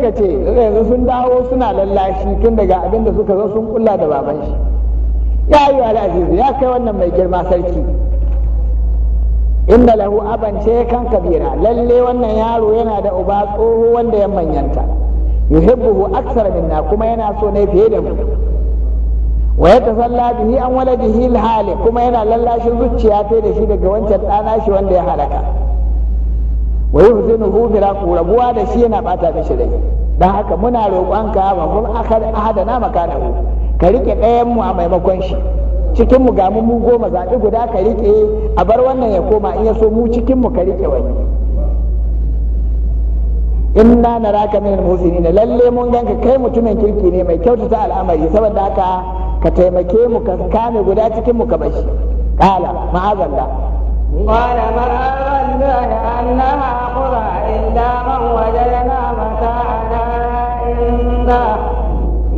ka ce yanzu sun dawo suna lallashi tun daga abin da suka zo sun kulla da baban shi ya yi wa ya kai wannan mai girma sarki inda lahu aban ce kan kabira lalle wannan yaro yana da uba tsoho wanda ya manyanta yuhibbuhu aksar minna kuma yana so ne fiye da mu wa ya tasalla bihi an waladihi alhali kuma yana lallashin zuciya fiye da shi daga wancan ɗana shi wanda ya halaka wa yuhzinuhu ku rabuwa da shi yana bata shi rai dan haka muna roƙonka wa kun ahadana ku ka rike ɗayan mu a maimakon shi cikin mu ga mu goma zaɓi guda ka rike a bar wannan ya koma in ya so mu cikin mu ka rike wani inna naraka min al na lalle mun ganka kai mutumin kirki ne mai kyautata al'amari saboda haka ka taimake mu ka kame guda cikin mu ka bashi qala ma'azallah قال من أغلبه أن نأخذ إلا من وجدنا متاعنا عنده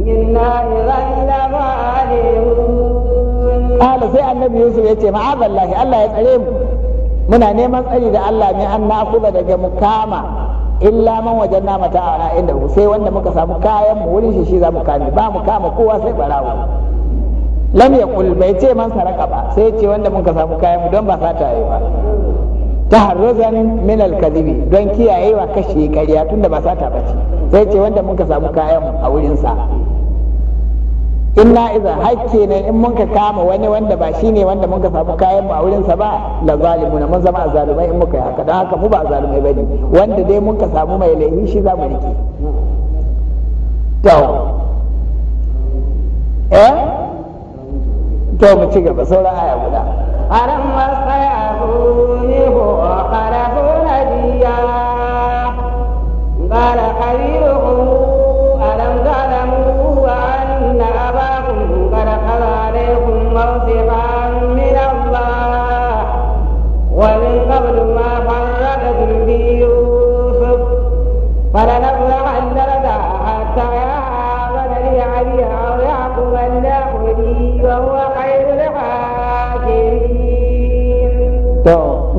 إنا إذا لظالمون قال سي النبي يوسف يتي معاذ الله الله يسألهم muna neman tsari da Allah ne an nakuza daga mukama illa man wajen nama ta'ala inda sai wanda muka samu kayan mu wurin shi shi za mu kame ba mu kama kowa sai barawo lam kul bai ce man saraka ba sai ce wanda mun ka samu kayan mu don ba sa ta yi ba ta taharruzan min al-kadhibi don kiyayewa kashe kariya tunda ba ta ba ce sai ce wanda mun ka samu kayan mu a wurin sa inna idan hakke ne in mun ka kama wani wanda ba shi ne wanda mun ka samu kayan mu a wurin sa ba la na mun zama azalumai in muka haka dan haka mu ba azalumai bane wanda dai mun ka samu mai laifi shi za mu rike to eh to mu ci gaba sauran aya guda aran masayahu ni ho qarafu hadiya qala qaliluhum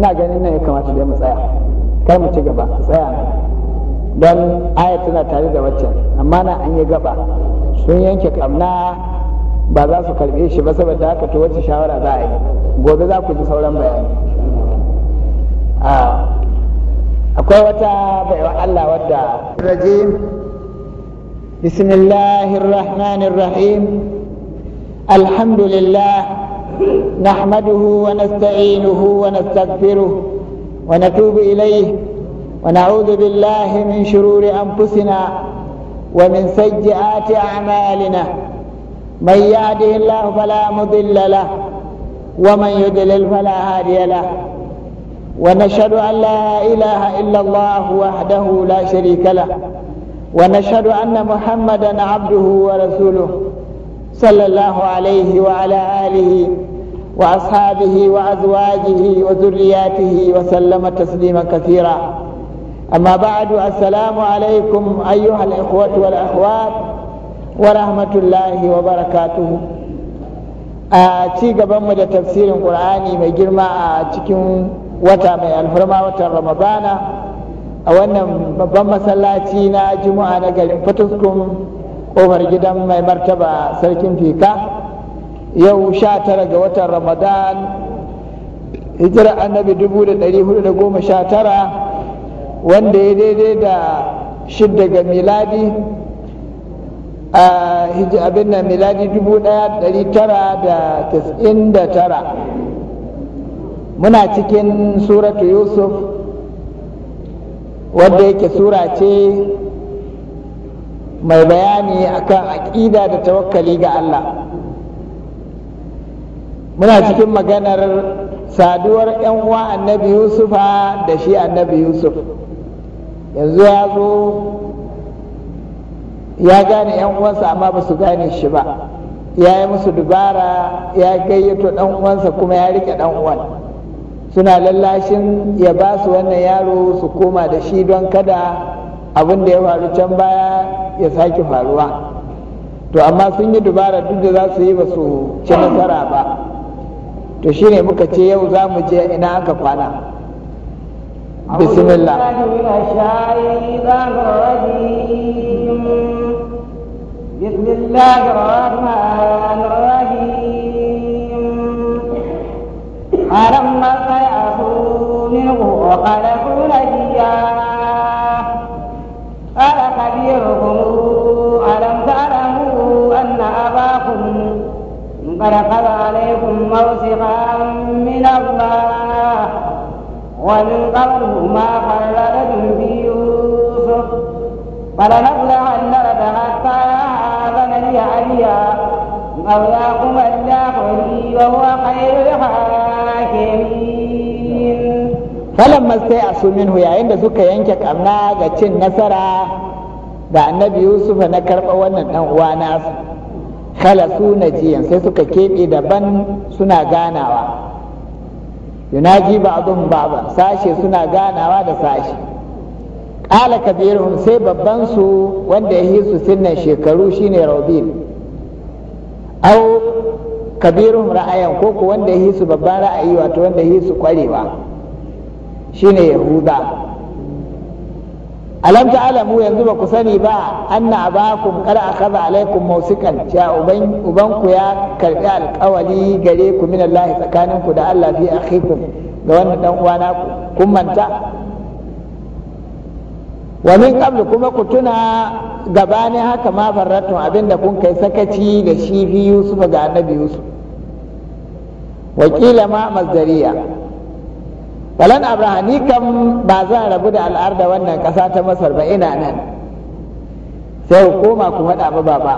ina ganin nan ya kamata da mu tsaya kar mu ci gaba tsaya don aya tana tare da waccan amma na an yi gaba sun yanke kamna ba za su karbe shi ba saboda haka to wacce shawara za a yi gobe za ku ji sauran bayani akwai wata baiwa Allah wadda rajim bismillahir rahmanir rahim alhamdulillah نحمده ونستعينه ونستغفره ونتوب إليه ونعوذ بالله من شرور أنفسنا ومن سيئات أعمالنا من يهده الله فلا مضل له ومن يضلل فلا هادي له ونشهد أن لا إله إلا الله وحده لا شريك له ونشهد أن محمدا عبده ورسوله صلى الله عليه وعلى آله وأصحابه وأزواجه وذرياته وسلم تسليما كثيرا أما بعد السلام عليكم أيها الإخوة والأخوات ورحمة الله وبركاته a ci gabanmu da tafsirin ƙur'ani mai girma a cikin wata mai alfarma watan ramadana a wannan babban masallaci na juma'a na garin fatuskum ƙofar gidan mai martaba sarkin fika yau sha tara ga watan ramadan hijira annabi dubu da ɗari hudu da goma sha tara wanda ya daidai da shidda ga miladi a abin na miladi dubu ɗaya ɗari tara da tas'in da tara muna cikin suratu yusuf wadda yake sura ce mai bayani akan aƙida da tawakkali ga Allah muna cikin maganar saduwar 'yan uwa annabi yusufa da shi annabi yusuf yanzu ya zo ya gane 'yan uwansa amma ba su gane shi ba ya yi musu dubara ya gayyato ɗan uwansa kuma ya rike ɗan uwan suna lallashin ya ba su wannan yaro su koma da shi don kada abin da ya faru can baya ya sake faruwa to amma sun yi dubara duk da za su yi ba su ci nasara ba to shine muka ce yau za mu je ina aka kwana bismillah بسم الله الرحمن الرحيم فلما استيأسوا منه وقلبوا فلقد عليكم موسقا من الله ومن قبله ما خلدتم في يوسف فلنبلعن لك حتى يعافن لي عليا أو يقوم الله لي وهو خير الحاكمين فلما استيأسوا منه يا عند سكا ينكك أمنا ga cin nasara da annabi Yusuf na karɓa wannan ɗan uwa nasu Kala suna najiyan sai suka keɓe daban suna ganawa yunaji ba ba, sashe suna ganawa da sashe ƙala kabirun sai babbansu su wanda ya yi su sinnan shekaru shine rabil Au kabirun ra'ayan ko wanda ya yi su babban ra'ayi wato wanda ya yi su kwarewa shine yahuda alam alamu, yanzu ba ku sani ba ku kar a kaza alaikum mausikan cewa uban ubanku ya karbi alkawali gare ku min Allah tsakanin ku da Allah bi akhikum ga wannan dan uwa ku kun manta wa min qablu kuma ku tuna gaba ne haka ma farratun abinda kun kai sakaci da shi fi Yusuf ga Annabi Yusuf wakila ma mazdariya falan abraha ni kam ba zan rabu da al'ar da wannan ƙasa ta masar ba ina nan sai koma kuma da ba ba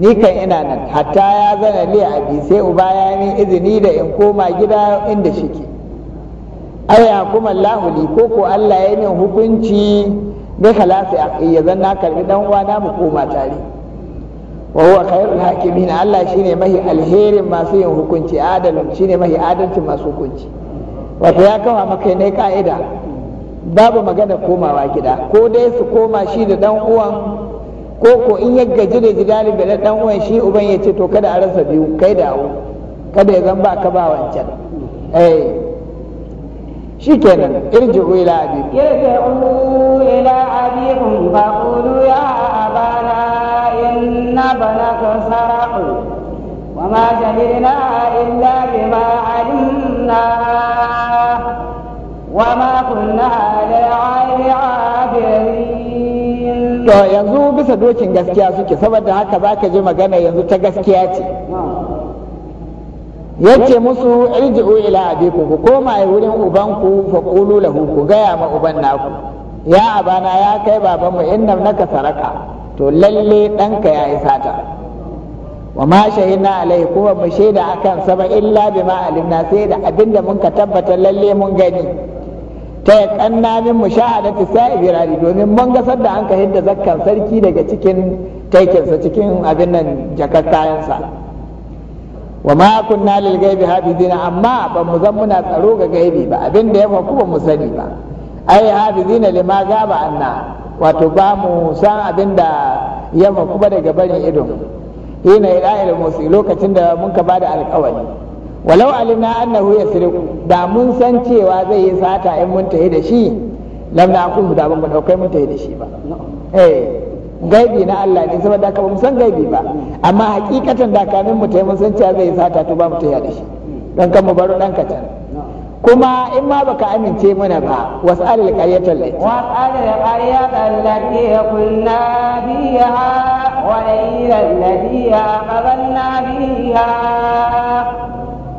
ni kan ina nan hatta ya zana li a sai uba ya ni izini da in koma gida inda shike aya kuma lahuli ko ko Allah ya min hukunci da khalasi aqiyya zan na karbi dan uwa na mu koma tare wa huwa khairul hakimin Allah shine mahi alherin masu yin hukunci adalun shine mahi adalcin masu hukunci wato ya kama maka ne ka'ida babu magana komawa gida ko dai su koma shi da dan uwan ko ko in ya gaji da jidali da dan uwan shi uban ya ce to kada a rasa biyu kai dawo kada ya zan ba ka ba wancan eh shikenan irji'u ila abi irji'u ila abikum ba qulu ya abana inna banaka sara'u wa ma jahilna illa bima alim to yanzu bisa dokin gaskiya suke saboda haka za ka ji magana yanzu ta gaskiya ce yace musu irji'u ila abiku ku koma wurin ubanku fa qulu lahu ku gaya ma uban naku ya abana ya kai babanmu innam naka saraka to lalle ɗanka ya isa ta wa ma shahidna alaihi kuma mu shaida akan sa ba illa bima alimna sai da abinda mun ka tabbata lalle mun gani ta yakanna min mushahadati sa'ibi rari domin mun ga sadda an ka hidda zakkan sarki daga cikin taikinsa cikin abin nan jakar kayansa wa ma kunna lil gaibi hafizina amma ba mu zan muna tsaro ga gaibi ba abin da ya faku ba mu sani ba ai hafizina lima gaba anna wato ba mu san abin da ya faku ba daga barin idon hina ila musi lokacin da mun ka bada alƙawari walau alimna annahu yasriqu da mun san cewa zai yi sata in mun tayi da shi lam na aku da ban daukai mun tayi da shi ba eh gaibi na Allah ne saboda haka ba mu san gaibi ba amma hakikatan da kamin mu tayi mun san cewa zai yi sata to ba mu tayi da shi dan kan mu baro dan ka kuma in ma baka amince mana ba wasu was'al al-qaryata allati was'al al-qaryata ya kunna biya wa ila ya aqadna biya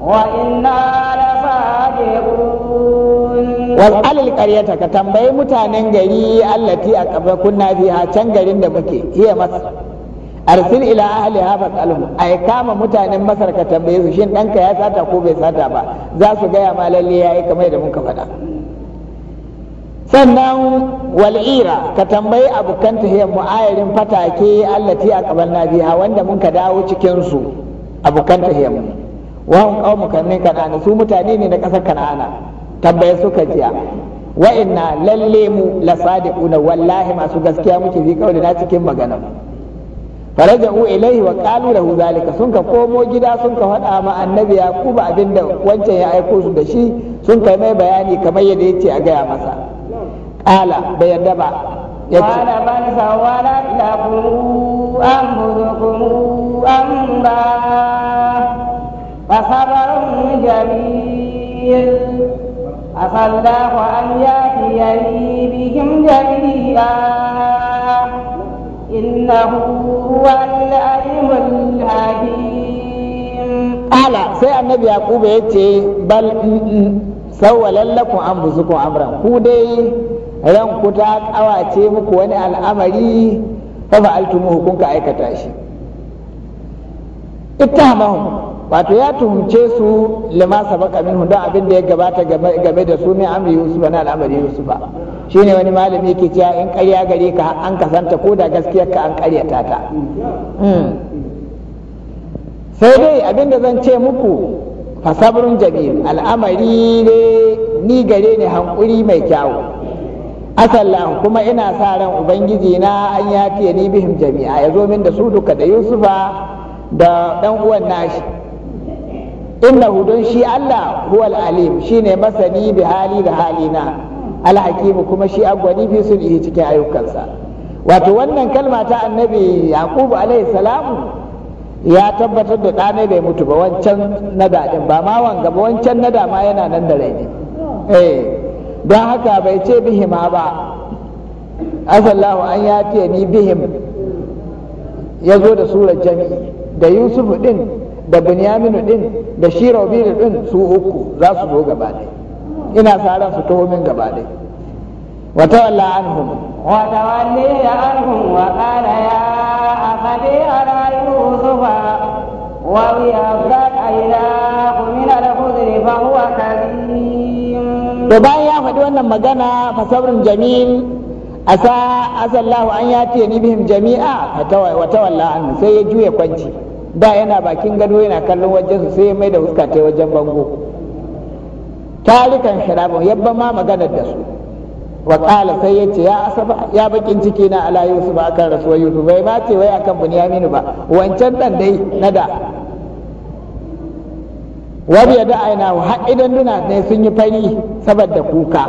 wa inna la sadiqun was'al al-qaryata ka tambayi mutanen gari allati aqadna kunna biya can garin da muke iya masa arsil ila ahli hafa tsalhu ai kama mutanen masar ka tambaye su shin danka ya sata ko bai sata ba za su gaya ma lalle yayi kamar da muka faɗa sannan wal'ira ka tambayi abokan tahiyar mu'ayarin fatake allati a kaban nabiha wanda mun ka dawo cikin su abokan tahiyar mu wa hum qaumu kanin kanana su mutane ne na kasar kanana tambaye su ka jiya wa inna lalle mu la sadiquna wallahi masu gaskiya muke fi kauli na cikin magana faraja'u ilaihi wa qalu lahu zalika sun ka komo gida sun ka faɗa ma annabi yaquba abinda wancan ya aiko su da shi sun kai mai bayani kamar yadda yace a gaya masa qala bai yarda ba qala ban sawala lahu amrukum amba فصبر جميل asallahu an أن يأتيني bihim جميعا إنه هو العلم الحكيم ألا سي النبي يعقوب يتي بل سولا لكم أنفسكم أمرا كودي ran ku ta kawace muku wani al'amari fa fa'altumuhu kun ka aikata shi ittahamahu wato ya tuhumce su lima sabaka minhu don abin da ya gabata game da su ne amri yusuf na al'amari yusuf shine wani malami yake cewa in ƙarya gare ka an kasanta ko da gaskiyar ka an ƙaryata ta hmm. sai dai abinda zan ce muku fasabrun jamil al'amari ne ni gare ni hankuri mai kyawu asallan kuma ina sa ran ubangiji na an ya fiye ni bihim jami'a ya zo min da su duka da yusufa da dan uwan nashi inna hudun shi allah huwal alim shine masani bi hali da halina alhakimu kuma shi gwani fi sun iya cikin ayyukansa wato wannan kalma ta annabi yaqubu alaihi salamu ya tabbatar da ɗane bai mutu ba wancan na daɗin ba ma wanga ba wancan na ma yana nan da rai ne eh don haka bai ce bihima ba asallahu an ya ce ni bihim ya zo da sura Jami, da yusuf din da bunyaminu din da shirobi din su uku za su zo gaba ɗaya ina sa ran su taho min gaba ɗaya wa tawalla anhum wa tawalli anhum wa qala ya ahadi ara yusufa wa ya afrak ila min al-khudri fa huwa kadim to bayan ya faɗi wannan magana fa sabrun jamil asa azallahu an yati ni bihim jami'a wa tawalla anhum sai ya juya kwanci da yana bakin gado yana kallon wajen su sai ya mai da huska ta wajen bango tarikan shirabun yabba ma maganar da su wa kala sai ce ya asaba ya bakin ciki na ala yusuf akan rasuwar yusuf bai ba ce wai akan bunyamin ba wancan dan dai na da wabi da aina har idan duna ne sun yi fari saboda kuka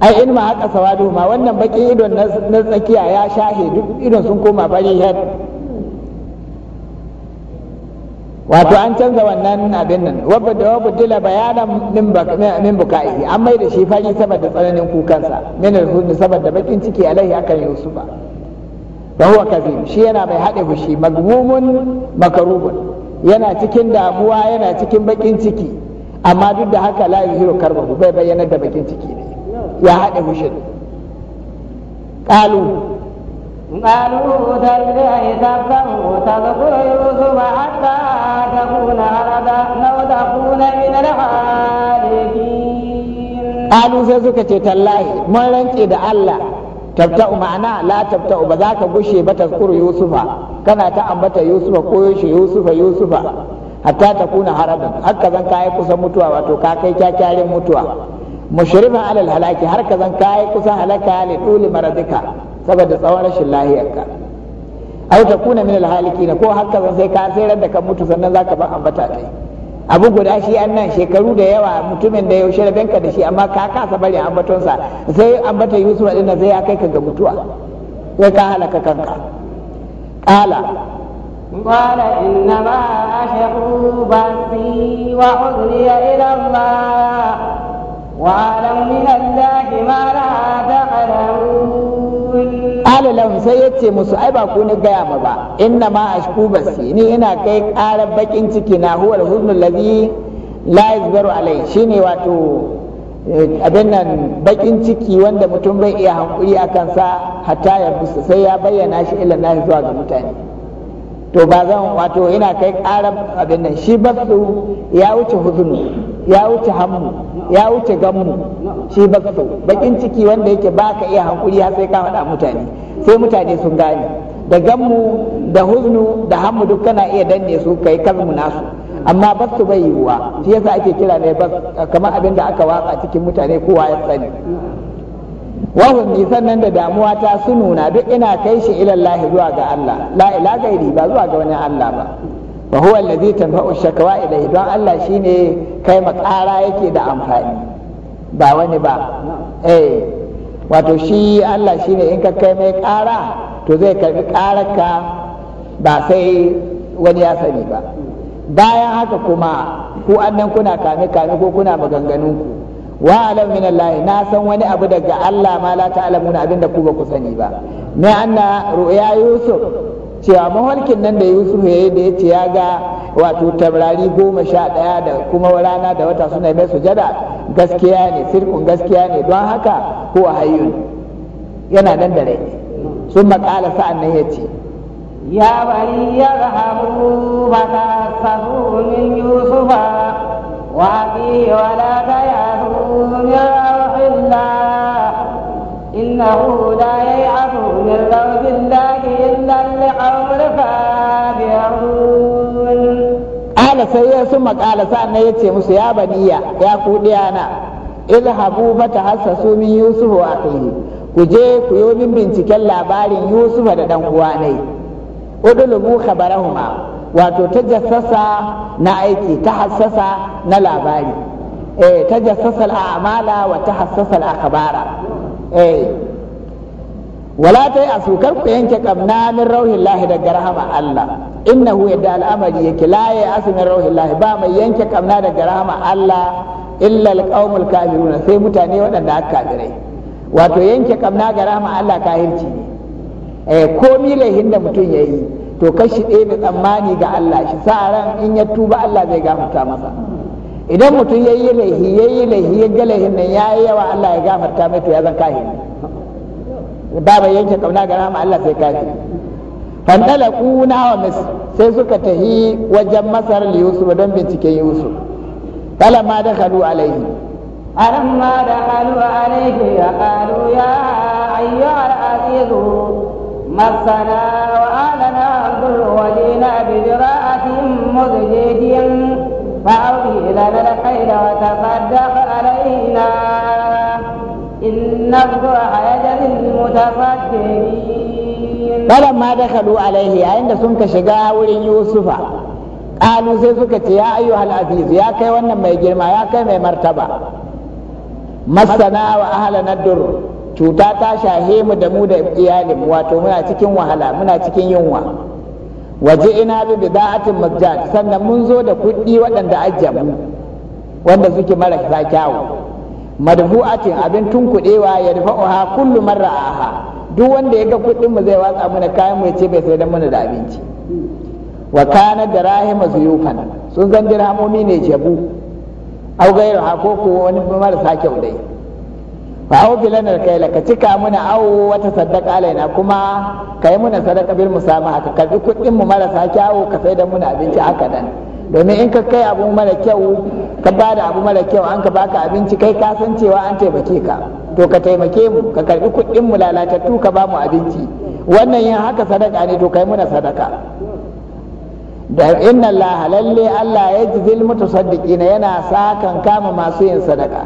ai in ma haka sawadu ma wannan bakin idon na tsakiya ya shahe duk idon sun koma fari had. wato an canza wannan abin nan wabba dila bayanan min buka'i an mai da shi fari saboda tsananin kukansa min alhuni saboda bakin ciki alaihi akan ba ba huwa kazim shi yana mai hade fushi magmumun makarubun yana cikin damuwa yana cikin bakin ciki amma duk da haka la yuhiru karbahu bai bayyana da bakin ciki ne ya hade fushin qalu قالوا تالله تفهم تذكر يوسف حتى تكون أردا أو تكون من الحالكين قالوا ce tallahi mun رنك da Allah, tabta'u ma'ana la tabta'u ba za ka gushe ba tazkuru yusufa kana ta ambata yusufa ko yaushe yusufa yusufa hatta ta kuna haradan haka zan kai kusan mutuwa wato ka kai kyakkyarin mutuwa mushrifa alal halaki har ka zan kai kusan halaka li duli maradika saboda tsawon rashin lahiyarka ta kuna min na. ko haka zan sai ka tsayar da ka mutu sannan zaka ba ambata ta abu guda shi annan shekaru da yawa mutumin da yaushe ka da shi amma ka kasa bari ambatonsa sai ambata da din sai ya kai ka ga mutuwa sai ka halaka kanka qala قال إنما أشكو بثي وحزني إلى الله وأعلم من الله ما لا تعلمون qala lahum sai yace musu ai ba ku ne gaya ma ba inna ma ashku basi ni ina kai karar bakin ciki na huwal huznu ladhi la yazbaru alai shine wato eh, abin nan bakin ciki wanda mutum bai iya hankuri akan kansa hatta ya busa sai ya bayyana shi illa na zuwa ga mutane to ba zan wato ina kai ƙarar abin nan shi basu ya wuce huzunu ya wuce hammu ya wuce gammu shi bakso bakin ciki wanda yake ba ka iya hankuri ya sai ka faɗa mutane sai mutane sun gane da gammu da huznu da hammu duk kana iya danne su kai kazmu nasu amma basu bai yiwuwa shi yasa ake kira ne bas kamar abin da aka watsa cikin mutane kowa ya sani wahum sannan da damuwa ta su nuna duk ina kai shi ilallahi zuwa ga Allah la ila gairi ba zuwa ga wani Allah ba wa huwa alladhi tanfa'u shakawa ila idan Allah shine kai makara yake da amfani ba wani ba eh wato shi Allah shine in ka kai mai kara to zai karbi kararka ba sai wani ya sani ba bayan haka kuma ku annan kuna kame kame ko kuna maganganun ku wa alam min Allah na san wani abu daga Allah ma la ta'lamuna abinda ku ba ku sani ba ne anna ru'ya yusuf cewa mafarkin nan da yusuf ya da ya ce ya ga wato taurari goma sha ɗaya da kuma rana da wata suna mai sujada gaskiya ne sirkun gaskiya ne don haka ko hayyun yana nan da rai sun makala sa'an nan ya ce ya bari ya rahamu ba ta sabu min yusufa wa fi wala ta yasu ya da ya yi yai'atu min rawdillah قول فابعون قال سيئ ثم قال سأنا يتي musu ya baniya ya ku diyana idhabu fatahassasu min yusuf wa ku je ku yi min binciken labarin yusufa da ɗan uwa udulubu khabarahuma wato tajassasa na aiki hassasa na labari eh tajassasa al'amala wa tahassasa al'akhbara eh wala ta yi sukar ku yanke kamna min rauhin lahi daga rahama Allah innahu yadda al'amari yake la ya asu min rauhin lahi ba mai yanke kamna daga rahama Allah illa alqaumul kafirun sai mutane waɗanda aka kafirai wato yanke kamna ga rahama Allah kafirci ne eh komi da mutum yayi to kashi ɗaya tsammani ga Allah shi sa in ya tuba Allah zai gafarta masa idan mutum yayi laihi yayi laihi ya ga laihin nan yayi yawa Allah ya gafarta mai to ya zan kafiri ba yanke kauna ga rama Allah sai kafi fandala kuna wa mis sai suka tahi wajen masar da yusuf don binciken yusuf kala ma da kalu alaihi alam ma da kalu alaihi ya kalu ya ayyuhar azizu masana wa alana abdul walina bi jira'atin fa auri ila na da kai da wata fadda alaihina inna zuwa balan ma da kalu alaihi yayin da sun ka shiga wurin yusufa ƙanu sai suka ce ya ayyu hal ya kai wannan mai girma ya kai mai martaba masana wa ahala na dur cuta ta shahe mu da mu da iyalin wato muna cikin wahala muna cikin yunwa waje ina bi bida'atin majjat sannan mun zo da kuɗi waɗanda mu wanda suke mara kyakkyawa ati abin tunkuɗewa ya oha kullu marra aha duk wanda ya ga kuɗin mu zai watsa mana kayan mu ya ce bai sai dan mana da abinci wa kana da rahima zuyufan sun zan dirhamomi ne jabu au gairu ha ko ko wani marasa kyau dai fa au bilanar kaila ka cika muna au wata sadaka alaina kuma kai muna sadaka bil musamaha ka karbi kuɗin mu marasa kyau ka sai da muna abinci aka dan domin in ka kai abu mara kyau ka ba da abu mara kyau an ka baka abinci kai ka san cewa an taimake ka to ka taimake mu ka karbi kuɗin mu lalatattu ka ba mu abinci wannan yin haka sadaka ne to kai muna sadaka da inna Allah lalle Allah ya ji jizil mutasaddiqina yana sakan kama masu yin sadaka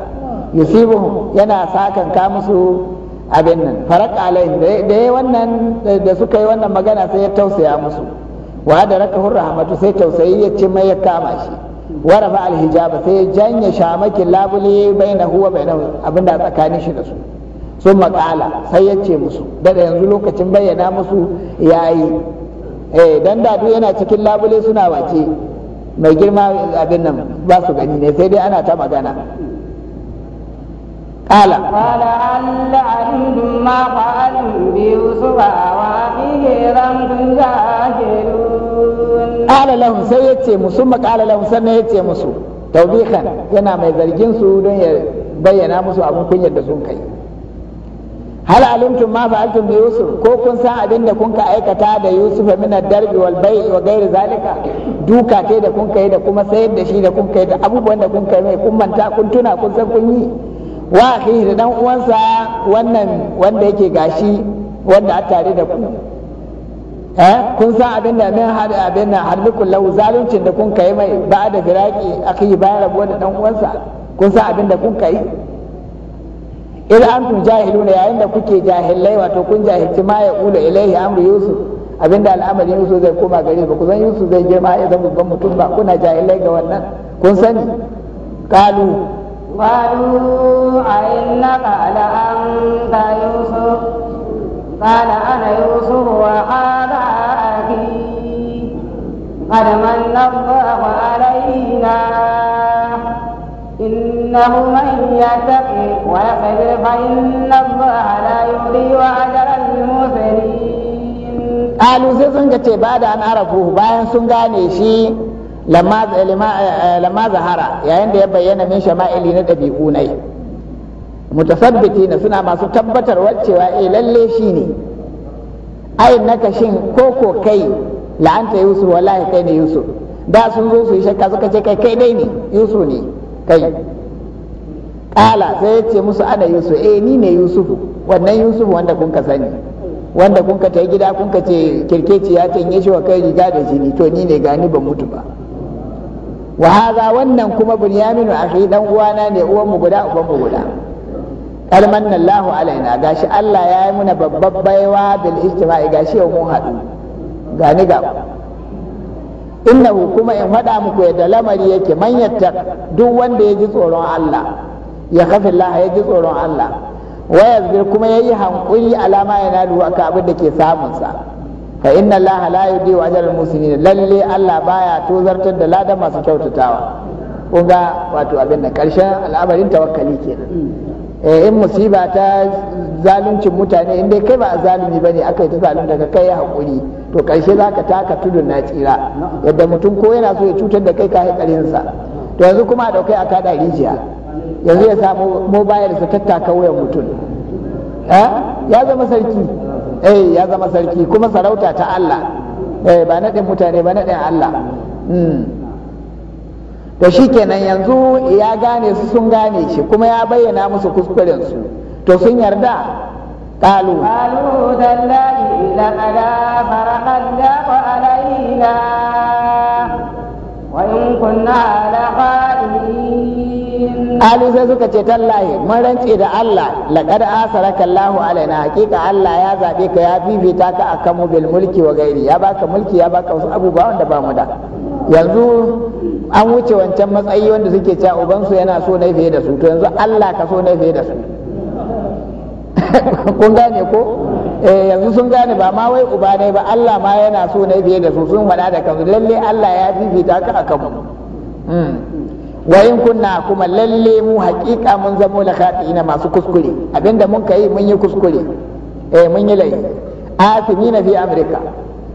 yusibuhum yana sakan kama su abin nan faraq alai da wannan da suka yi wannan magana sai ya tausaya musu wa da rakahur rahmatu sai tausayi ya ce mai ya kama shi wa rafa alhijaba sai ya janye shamakin labule bai na bainahu wa abin abinda tsakanin shi da su sun maƙala sai ya ce musu daga yanzu lokacin bayyana musu yayi eh dan da yana cikin labule suna wace mai girma abin nan ba su gani ne sai dai ana ta magana قال قال أن ما فعلوا بيوسف وأخيه لم تجاهلوا qala lahum sai yace musu ma qala lahum sannan yace musu tawbihan yana mai zargin su don ya bayyana musu abin kunyar da sun kai hal alimtum ma fa'altum bi yusuf ko kun san abin da kun ka aikata da yusuf min ad-darbi wal bay' wa ghairi zalika duka kai da kun kai da kuma sayar da shi da kun kai da abubuwan da kun kai mai kun manta kun tuna kun san kun yi wa akhi da dan uwansa wannan wanda yake gashi wanda a tare da ku eh kun san abin da min har abin nan harbikun lau zaluncin da kun kai mai ba da firaki akai bayan rabuwa da dan uwansa kun san abin da kun kai ila antum jahiluna yayin da kuke jahilai wato kun jahilci ma ya ula ilaihi amru yusuf abinda al'amarin yusuf zai koma gare ba ku san yusuf zai girma ya zama babban mutum ba kuna jahilai ga wannan kun sani qalu qalu a innaka ala anta yusuf قال أنا يوسف وهذا أخي قد من الله علينا إنه من يتق ويصبر فإن الله لا يضيع أجر المسلمين قالوا سيسن كتي بعد أن عرفوه باين سنغاني شي لما ظهر يعني يبين من شمائل نتبعونه mutasabbitina suna masu tabbatar cewa eh lalle shi ne ai naka shin koko kai la'anta yusuf wallahi kai ne yusuf da sun zo su yi shakka suka ce kai kai dai ne yusuf ne kai kala sai ya ce musu ana yusuf eh ni ne yusuf wannan yusuf wanda kun ka sani wanda kun ka ta gida kun ka ce kirkeci ya tanye shi wa kai riga da jini to ni ne gani ban mutu ba wa wannan kuma bunyaminu akhi dan uwana ne uwan mu guda uban mu guda qad manna alaina gashi Allah ya yi muna babbar baiwa bil ijtima'i gashi yau mun haɗu gani ga innahu kuma in faɗa muku yadda lamari yake man yatta duk wanda ya ji tsoron Allah ya kafi Allah ya ji tsoron Allah waya zubir kuma ya yi hankuri alama ya duwa ka abin da ke samunsa fa inna laha la yudi wa ajal muslimin lalle Allah baya tozartar da ladan masu kyautatawa kun ga wato abin da karshen al'amarin tawakkali kenan Eh, in musiba ta zaluncin mutane in dai kai ba a zalumi ba ne aka yi ta zalun daga kai ya haƙuri to ƙarshe za ka taka tudun na tsira yadda mutum ko yana so ya cutar da kai ka yi ƙarinsa to yanzu kuma a ɗaukai a kaɗa rijiya yanzu ya samu mobile su tattaka wuyan mutum eh, ya zama sarki eh ya zama sarki kuma sarauta ta Allah eh, ba naɗin mutane ba naɗin Allah hmm. Da shi kenan yanzu ya gane su sun gane shi kuma ya bayyana musu kuskuren su to sun yarda ƙalu. Al'ummar zan daki da tsada fara haddaku ala'ina wa yankunan da faɗi. Al'ummar sai suka ce ta mun rance da Allah laƙa da'a sarakallamu alaina hakika Allah ya zaɓe ka ya fi fi taka a bil mulki wa gairi ya baka mulki ya baka wasu abubuwa da ba mu da. yanzu an wuce wancan matsayi wanda suke cewa ubansu yana so na fiye da su to yanzu Allah ka so na fiye da su kun gane ko eh yanzu sun gane ba ma wai uba ne ba Allah ma yana so na fiye da su sun faɗa da kansu lalle Allah ya fifita ka akan mu hmm. wa in kunna kuma lalle mu haƙiƙa mun zamo la khatina masu kuskure abinda mun kai mun yi kuskure eh mun yi laifi na fi amrika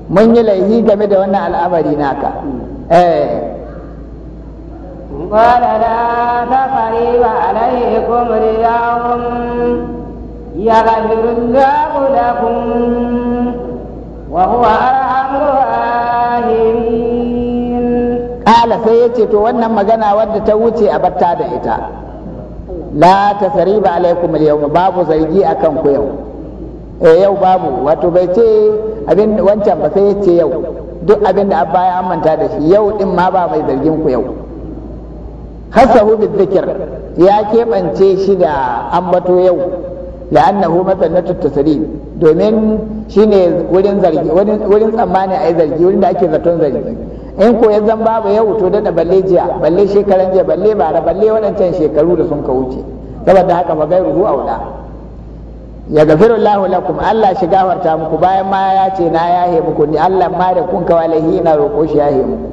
mun yi laifi game da wannan al'amari naka قال لا تقريب عليكم اليوم يغفر الله لكم وهو الراحمين قال wannan magana wadda ta wuce a batta da ita la tasriba alaikum al babu zargi akan ku yau yau babu wato bai ce abin wancan ba sai yace yau duk abin da baya an manta da shi yau din ma ba mai zargin ku yau hasahu dhikr ya keɓance shi da ambato yau la'annahu masannatu tasrib domin shine wurin zargi wurin tsammani ai zargi wurin da ake zaton zargi in ko ya zan babu yau to da balle jiya balle shekaran jiya balle bara balle can shekaru da sun ka wuce saboda haka fa a wuda ya gafiru lahu lakum Allah shiga warta muku bayan ma ya ce na yahe muku ni Allah ma da kun kawa lahi na roƙo shi yahe muku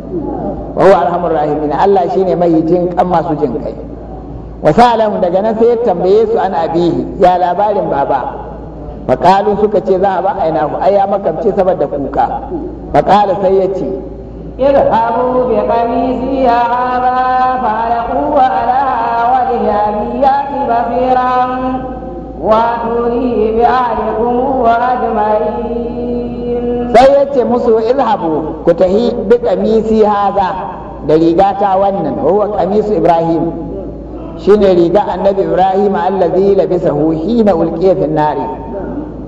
wa huwa arhamur rahimin Allah shine mai jin kan masu jin kai wa sa'alahu daga nan sai ya tambaye su an abihi ya labarin baba faqalu suka ce za a ba aina ku ai ya makamce saboda kuka faqala sai ya ce irhamu bi qamisi ya aba fa ala wajhi ya bi Sai ya ce musu ilhabu ku tahi bi kamisi haza da rigata wannan huwa kamisu ibrahim shi ne riga annabi ibrahim allazi hu hina ulqiya fi nari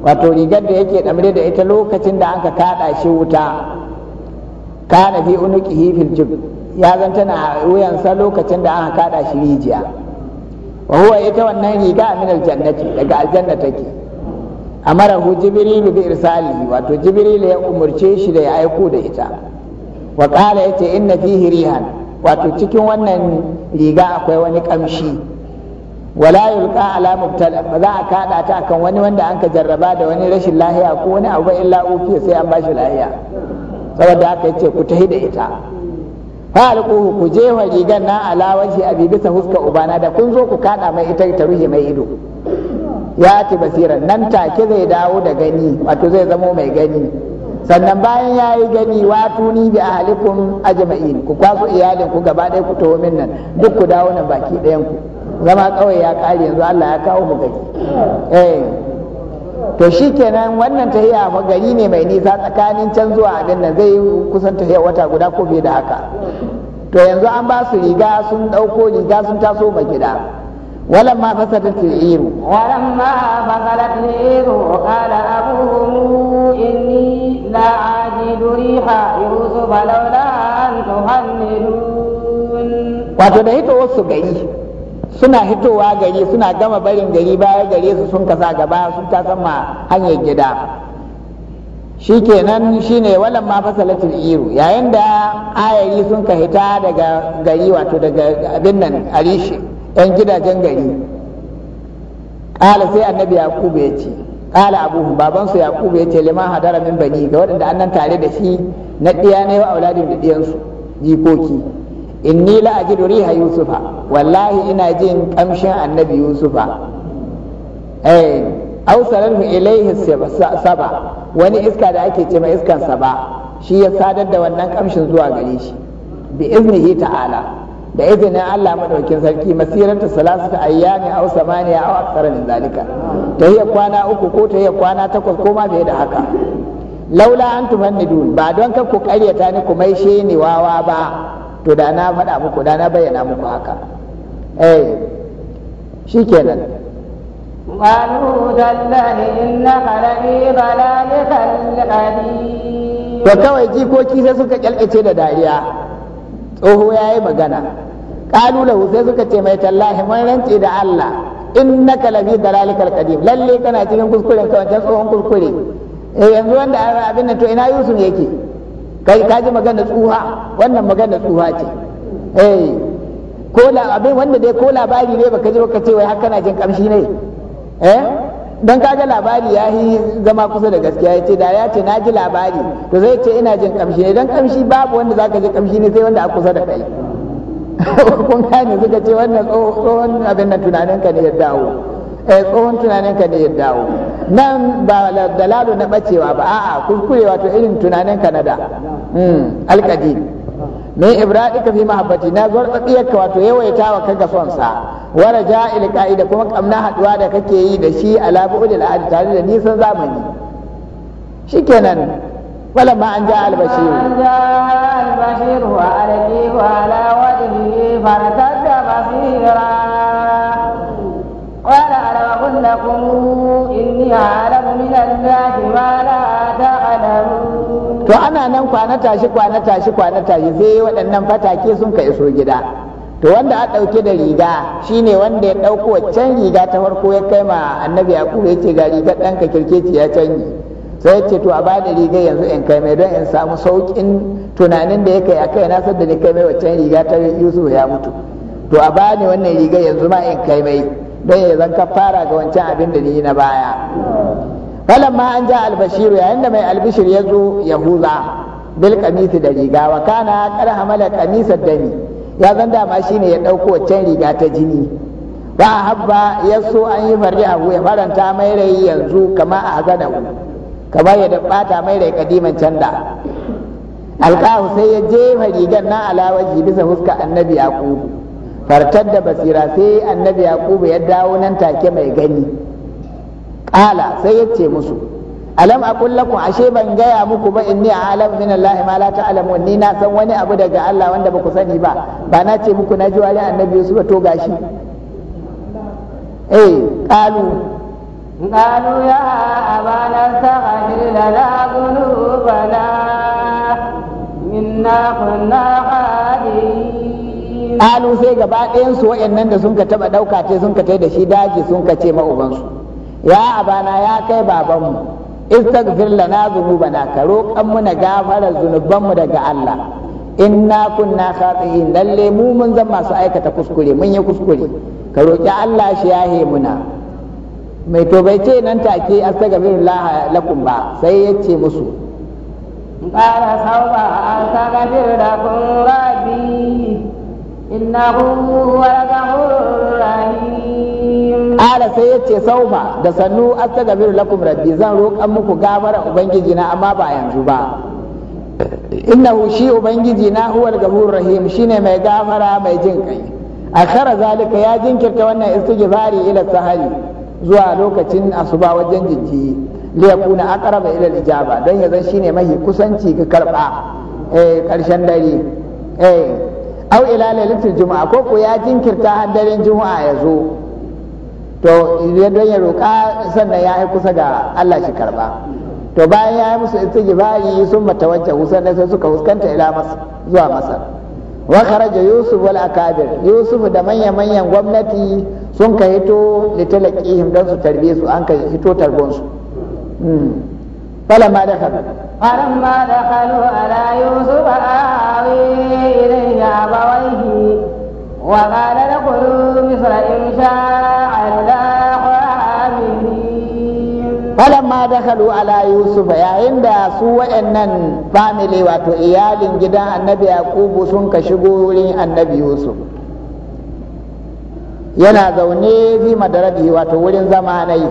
wato rigar da yake damre da ita lokacin da anka kada shi wuta kana fi unuqihi fil jib ya zan tana wuyansa lokacin da aka kada shi rijiya wa huwa ita wannan riga min aljannati daga aljanna take amarahu jibrilu bi irsalihi wato jibrilu ya umurce shi da ya aiko da ita wa qala yace inna fihi rihan wato cikin wannan riga akwai wani kamshi wala yulqa ala mubtala ba za a kada ta akan wani wanda ka jarraba da wani rashin lahiya ko wani abu illa ufiya sai an bashi lahiya saboda haka yace ku tahi da ita fa ku ku jefa rigar na alawar shi a bisa huska ubana da kun zo ku kada mai ita ta ruhi mai ido ya ci basiran nan take zai dawo da gani wato zai zamo mai gani sannan bayan ya yi gani watu ni bi ahalikum ajma'in ku kwaso iyalin ku gaba ɗaya ku taho min nan duk ku dawo nan baki ɗayan ku zama kawai ya kare yanzu Allah ya kawo mu gani eh to shi shikenan wannan tahiya fa gari ne mai nisa tsakanin can zuwa abin nan zai kusan tahiya wata guda ko fiye da haka to yanzu an ba su riga sun ɗauko riga sun taso ma gida walan ma fasadat al-iru walan ma fasadat al-iru qala abuhum inni na la ajidu riha yusuf laula an tuhannidun wato da hito wasu gari suna hitowa gari suna gama barin gari bayan gare su sun kasa gaba sun ta ma hanyar gida shi kenan shi ne walan ma fasalatul iru yayin da ayari sun ka hita daga gari wato daga abin nan arishi yan gidajen gari ƙala sai annabi yakubu ya ce ƙala abuhu babansu yakubu ya ce liman hadara min bani ga waɗanda annan tare da shi na ɗiya ne wa auladin da ɗiyansu jikoki inni la ajidu riha yusufa wallahi ina jin kamshin annabi yusufa eh aw sararhu saba wani iska da ake ce ma iskan saba shi ya sadar da wannan kamshin zuwa gare shi bi iznihi ta'ala da izinin Allah madaukin sarki masiranta ta ayyami aw samaniya aw aksara min zalika tahiyya kwana uku ko ta tahiyya kwana takwas ko ma bai da haka laula an tumannidun ba don kar ku karyata ni ku maishe ni wawa ba to da na faɗa muku da na bayyana muku haka eh shi kenan قالوا kawai إنك لفي ضلالك القديم وكوي جيكوكي tsoho ya yi magana ƙalu lahu sai suka ce mai tallahi mun rance da Allah innaka labi dalalikal qadim lalle kana cikin kuskuren ka tsohon kuskure eh yanzu wanda abin nan to ina Yusuf yake kai ka ji magana tsuha wannan magana tsuha ce eh ko la abin wanda dai ko labari ne baka ji baka ce wai haka na jin kamshi ne eh dan kaga labari ya yi zama kusa da gaskiya ya ce da ya ce na ji labari to zai ce ina jin kamshi ne dan kamshi babu wanda zaka ji kamshi ne sai wanda a kusa da kai kun gane suka ce wannan tsohon abin nan ka ne ya dawo eh tsohon tunaninka ne ya dawo nan ba dalalu na bacewa ba a'a kurkure wato irin tunaninka na da hmm, alkadi min ka fi mahabbati na zartsakiyarka wato yawaita wa kanka son sa wa raja'il qa'ida kuma kamna haduwa da kake yi da shi ala bu'udil ahad tare da nisan zamani shikenan ولما أن جاء البشير أن جاء البشير وألقيه على وجهه فارتد to ana nan kwana tashi kwana tashi kwana tashi sai waɗannan fatake sun ka iso gida to wanda a ɗauke da riga shi ne wanda ya ɗauko waccan riga ta farko ya kai ma annabi yaƙubu ya ce ga rigar ɗanka kirkeci ya canji sai ce to a ba da riga yanzu in kai mai don in samu sauƙin tunanin da ya kai a kai na sadda ni kai mai waccan riga ta yusuf ya mutu to a ba ni wannan riga yanzu ma in kai mai don ya zan kafara ga wancan abin da ni na baya falamma an ja albashiru yayin da mai albishir ya zo yahuza bil kamisi da riga wa kana kar hamala kamisar dami ya zan dama shine ya dauko wancan riga ta jini ba habba ya so an yi farri abu ya faranta mai rai yanzu kama a hazana kamar ya bata mai rai kadiman canda alkahu sai ya jefa rigar na alawaji bisa huska annabi yaqubu fartar da basira sai annabi yaqubu ya dawo nan take mai gani ƙala sai ya musu alam aqul lakum ashe ban gaya muku ba inni alam min Allah ma la ta'lamun ni na san wani abu daga Allah wanda ba ku sani ba ba na ce muku na ji wani annabi ba to gashi eh qalu قالوا يا أبانا استغفر لنا ذنوبنا minna kunna hadi ƙalu sai gaba ɗayansu waɗannan da sun ka taɓa ɗauka ce sun ka tai da shi daji sun ka ce ma'ubansu ya abana ya kai babanmu istaghfir lana zunubana ka roƙan mu na gafara zunubanmu daga Allah inna kunna khati'in lalle mu mun zan masu aikata kuskure mun yi kuskure ka roƙi Allah shi ya muna mai to bai ce nan take astaghfirullah lakum ba sai ya ce musu a سوف da kun rabi. إنه Ala sai ya ce da sannu an ta lakum rabbi zan roƙon muku gamara Ubangiji na amma ba yanzu ba. Inna shi Ubangiji na huwal gabur rahim shi ne mai gamara mai jin kai. A zalika ya jinkirta wannan istighfari ila sahari zuwa lokacin asuba wajen jinji da ya kuna akara mai ilal ijaba don yanzu shi ne mahi kusanci ga karɓa ƙarshen dare. au ila lailatul juma'a ko ko ya jinkirta har daren juma'a ya zo to idan don ya roka sannan ya yi kusa ga Allah shi karba to bayan ya yi musu istighfari sun matawajja ne sai suka huskanta ila zuwa masar wa kharaja yusuf wal akabir yusuf da manya manyan gwamnati sun ka hito litalaqihim dan su tarbiyesu su an ka hito tarbon su hmm. ma da فلما دخلوا على يوسف آوي إليه أبويه وقال ادخلوا مصر إن شاء الله da dakhalu ala yusuf yayin da su wayannan family wato iyalin gidan annabi yakubu sun ka shigo wurin annabi yusuf yana zaune fi rabi wato wurin zamanai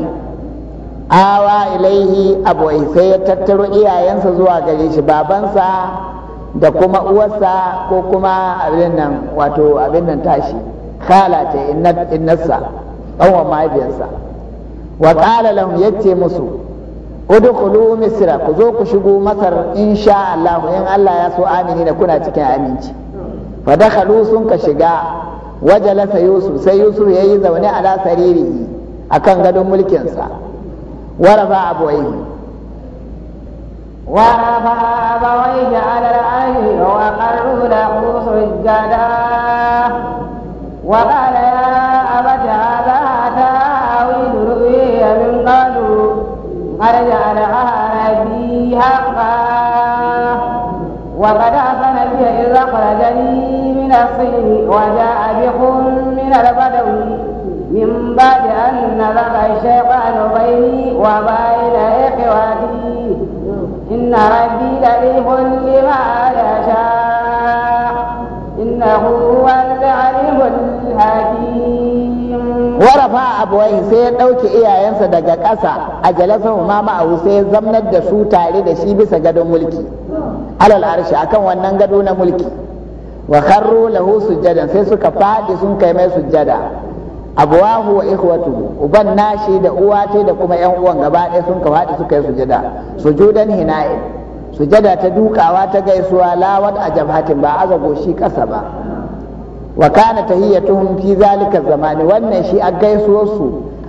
awa ilaihi abuwai sai ya tattaro iyayensa zuwa gare shi babansa da kuma uwarsa ko kuma abin nan wato abin nan tashi kala ta innarsa ɗanwa mahaifiyarsa wa ƙala ya yace musu udkhulu misra ku zo ku shigo masar insha Allah in Allah ya so amini da kuna cikin aminci fa dakhalu sun ka shiga wajalasa yusuf sai yusuf yayi zaune ala a kan gadon mulkin ورفع أبويه ورفع أبويه على العين وقعوا له الجدا وقال يا أبت هذا تأويل رؤيا من قبل قد جعلها ربي حقا وقد أحسن بي إذ أخرجني من الصين وجاء بخل من البدوي بعد أن نزغ الشيطان بيني وبين إخوتي إن ربي لطيف لما يشاء إنه هو العليم الحكيم ورفع أبويه sai ɗauke iyayensa daga ƙasa a jalasan ma ma'ahu ya zamnar da su tare da shi bisa gadon mulki alal arshi akan wannan gado na mulki wa kharru lahu sujjadan sai suka faɗi sun kai mai abuwahu wa ikhwatuhu uban nashi da uwa ce da kuma yan uwan gaba ɗaya sun haɗi suka yi sujada sujudan hina'i sujada ta dukawa ta gaisuwa lawat a jabhatin ba aza goshi ƙasa ba wa kana tahiyyatuhum fi zalika zamani wannan shi a gaisuwar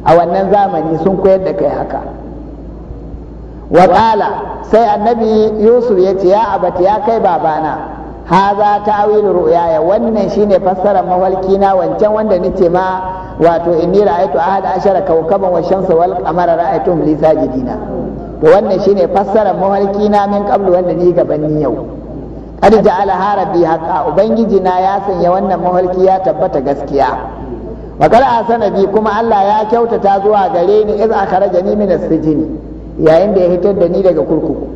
a wannan zamani sun koyar da kai haka wa sai annabi yusuf ya ce ya abati ya kai babana haza ta'wil ru'yaya wannan shine fassarar mawalki na wancan wanda nace ma wato inni ra'aytu ahad ashara kawkaban wa shamsa wal qamara ra'aytuhum li sajidina to wannan shine fassarar mawalki na min qablu wanda ni ni yau qad ja'ala harabi haqa ubangiji na ya sanya wannan mawalki ya tabbata gaskiya wa kar kuma Allah ya kyautata zuwa gare ni iz akhrajani min as-sijni yayin da ya hitar da ni daga kurkuku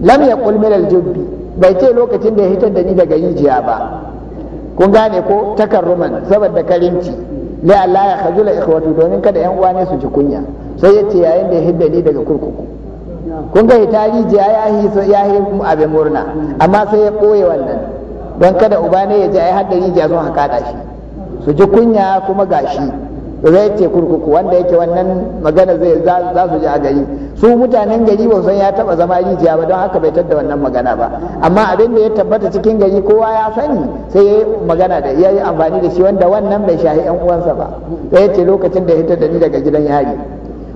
lam yaqul min al-jubbi bai ce lokacin da ya hitar da ni daga rijiya ba kun gane ko takarruman saboda karinci la Allah ya khajula ikhwatu domin kada yan uwa ne su ji kunya sai ya ce yayin da ya hidda ni daga kurkuku kun ga hita rijiya ya so ya abin murna amma sai ya ɓoye wannan don kada uba ne ya ji ai hadda rijiya zo haka da shi su ji kunya kuma gashi zai ce kurkuku wanda yake wannan magana zai za su ji a gari su mutanen gari ba san ya taba zama rijiya ba don haka bai tadda wannan magana ba amma abin da ya tabbata cikin gari kowa ya sani sai ya yi magana da ya amfani da shi wanda wannan bai shahi yan uwansa ba sai ya ce lokacin da ya hita da ni daga gidan yari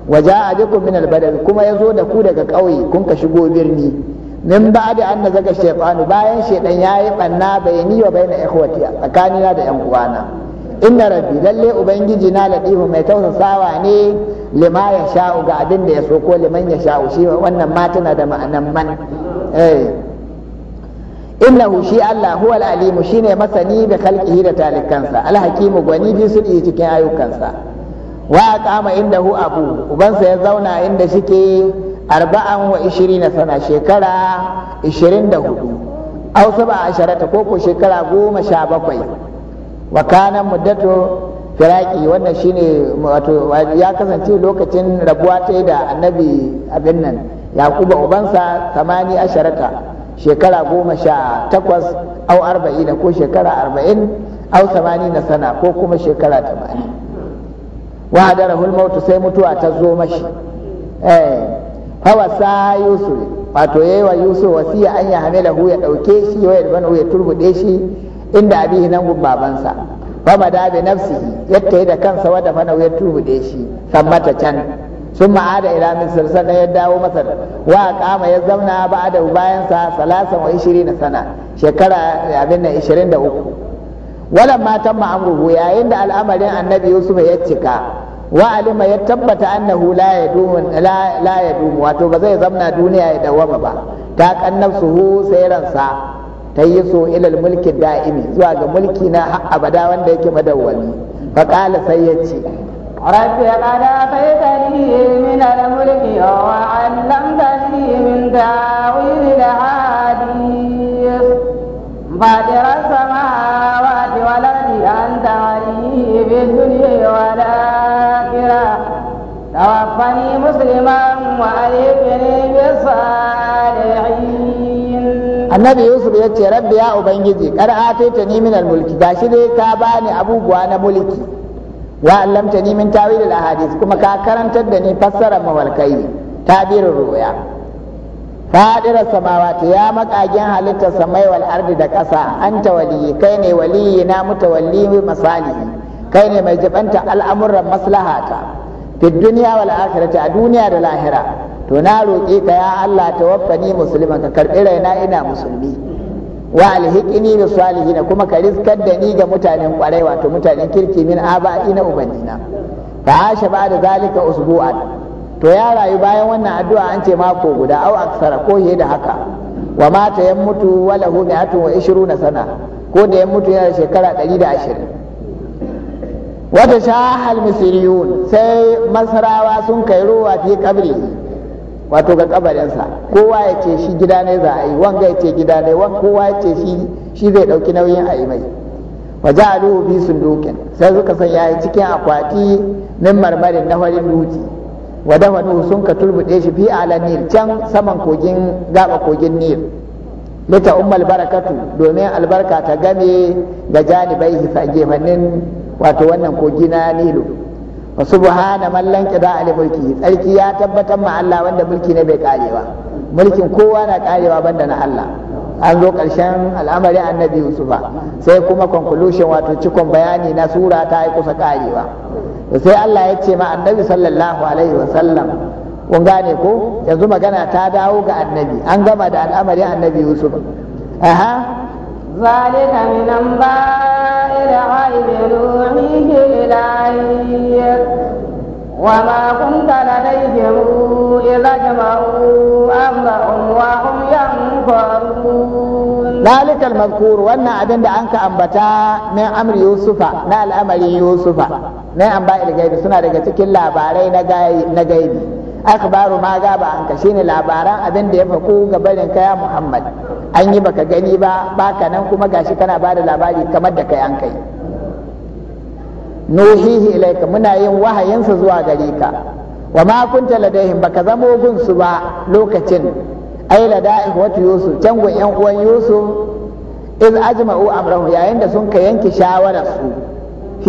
waja a bikum min albadar kuma ya zo da ku daga ƙauye kun ka shigo birni min ba da an zaga shaifanu bayan shaydan yayi banna bayani wa na ikhwati tsakanina da yan uwana inna rabbi lalle ubangiji na ladifu mai tausasawa ne lima ya sha'u ga abin da ya so ko liman ya sha'u shi wannan ma da ma'anan man eh hu shi Allah huwa al-alim ne masani bi khalqihi da talikansa al-hakim gwani bi sudi cikin ayyukansa wa inda hu abu ubansa ya zauna inda shike arba'an wa 20 sana shekara 24 au sab'a a ko ko shekara 17 Wakanan kana muddatu firaki wannan shine wato ya kasance lokacin rabuwa ta da annabi abin nan yakuba ubansa tamani asharata shekara goma sha takwas au arba'ina ko shekara arba'in au samani na sana ko kuma shekara tamani wa hadara hulmautu sai mutuwa ta zo mashi eh hawasa yusuf wato yayi wa yusuf wasiya an ya hamila hu ya dauke shi wa ya ya turbude shi inda abihi nan gun babansa fama da bi yadda da kansa wadda fana ya tubuɗe shi sammata can sun ma'ada ila misir sannan ya dawo masa wa kama ya zauna ba da bayan sa salasan wa ishirin na sana shekara abin nan ishirin da uku walan matan ma'amruhu yayin da al'amarin annabi yusuf ya cika wa alima ya tabbata annahu la dumu la dumu wato ba zai zauna duniya ya dawo ba ta kannafsuhu sai ransa ta yi so ilal mulkin da'imi zuwa ga mulki na abada wanda yake madawwami fa sai ya ce rabbi qad faitani min al mulki wa 'allamtani min ta'wil al hadith fadir as samawati wal ardi anta wali bi dunya wal akhirah tawaffani musliman wa alhiqni bis sa. annabi yusuf ya ce rabbi ya ubangiji kar ataita ni minal mulki gashi dai ka bani abubuwa na mulki wa allamta ni min tawil al ahadith kuma ka karantar da ni fassarar mawalkai tabirin ruya fadirar samawati ya makagen halittar samai wal ardi da ƙasa anta waliyi kai ne waliyi na mutawalli masali kai ne mai jibanta al'amuran maslahata fi duniya wal akhirati a duniya da lahira to na roƙe ka ya Allah ta waffani musulman ka karɓi raina ina musulmi wa alhiqini bi salihin kuma ka riskar da ni ga mutanen kwarai wato mutanen kirki min aba'i na ubannina fa asha ba da zalika usbu'an to ya rayu bayan wannan addu'a an ce mako guda au aksara ko fiye da haka wa mata ya mutu wala hu mi'atu wa ishruna sana ko da ya mutu yana shekara 120 wata shahal misriyun sai masarawa sun kai ruwa fi kabri wato ga kabarinsa kowa ya ce shi gida ne za a yi wanga ya ce gida ne wan kowa ya ce shi zai dauki nauyin a yi mai wa ja'aluhu fi sundukin sai suka san yayi cikin akwati min marmarin na farin duti wa dafanu sun ka turbude shi fi alanil can saman kogin gaba kogin nil lita ummal barakatu domin albarka ta game ga janibai fage wato wannan kogi na nilu wa subhana man lan qida mulki tsarki ya tabbatar ma Allah wanda mulki ne bai karewa mulkin kowa na karewa banda na Allah an zo ƙarshen al'amari annabi yusufa sai kuma conclusion wato cikon bayani na sura ta yi kusa karewa sai Allah ya ce ma annabi sallallahu alaihi wa sallam kun gane ko yanzu magana ta dawo ga annabi an gama da al'amari annabi yusuf aha zalika min anba'il ghaib Na likal makuru wannan abin da an ka ambata min Aminu Yusufa na Al'amarin Yusufa, min an ba 'yar gai biyu suna daga cikin labarai na gai biyu. Akwai ba mu maga ba an kashe ni labaran abin da ya faɗo ga barin kai, Muhammad. An yi baka gani ba, ba ka nan kuma gashi kana bada labari kamar da kai an kai. nuhihi ilaika muna yin wahayinsa zuwa gari ka wa ma kunta ba baka zamo gun su ba lokacin ai ladaih wata yusuf can gun yan uwan yusuf iz ajma'u amrahu yayin da sun ka yanke shawarar su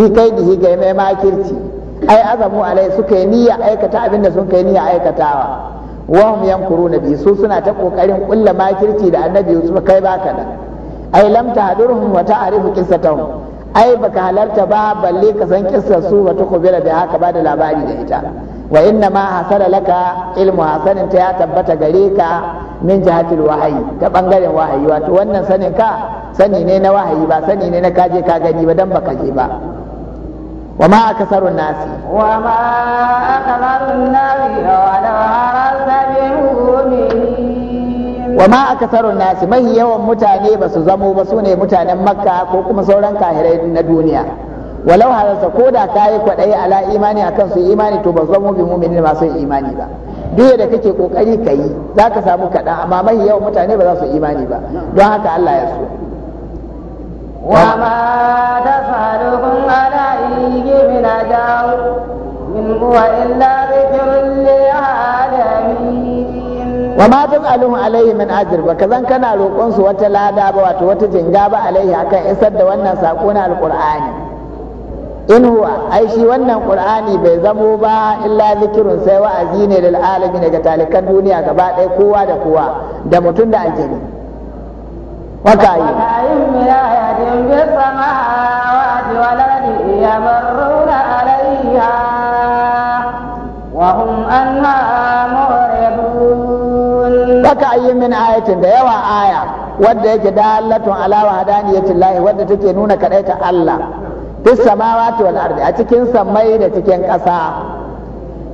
fi kaidihi ga mai makirci ai azamu alai suka yi niyya aikata abinda sun kai niyya aikatawa wa hum na biyu su suna ta kokarin kulla makirci da annabi yusuf kai baka da ai lam tahdurhum wa ta'rifu qissatahum ai baka halarta ba balle ka san kissar su wa tukubira da haka ba da labari da ita wa inna ma hasala laka ilmu hasanin ta ya tabbata gare ka min jihatil wahayi ta bangaren wahayi wato wannan sanin ka sani ne na wahayi ba sani ne na kaje ka gani ba dan baka je ba wa ma akasaru nasi wa ma akasarun nasi wa da harar wa ma akatarun nasi mai yawan mutane ba su zamo ba su ne mutanen makka ko kuma sauran kahirai na duniya walau halarta ko da ka yi kwaɗayi ala imani akan su imani to ba zamo bi mumini masu imani ba duk da kake kokari ka yi za ka samu kaɗan amma mahi yawan mutane ba za su imani ba don haka Allah ya so وما تفعلهم عليه من أجر من هو إلا ذكر للعالمين wa ma tas'aluhu alaihi min ajir ba kazan kana roƙon su wata lada ba wato wata jinga ba alaihi akan isar da wannan sako na alqur'ani in huwa ai shi wannan qur'ani bai zamo ba illa zikirun sai wa'azi ne lil alamin ga talikan duniya gaba ɗaya kowa da kowa da mutum da aljini wakayi وهم أنها waka yi min ayatin da yawa aya wadda yake dalatun ala hadaniyatin lahi wadda take nuna kadaita Allah fis samawati wal ardi a cikin samai da cikin ƙasa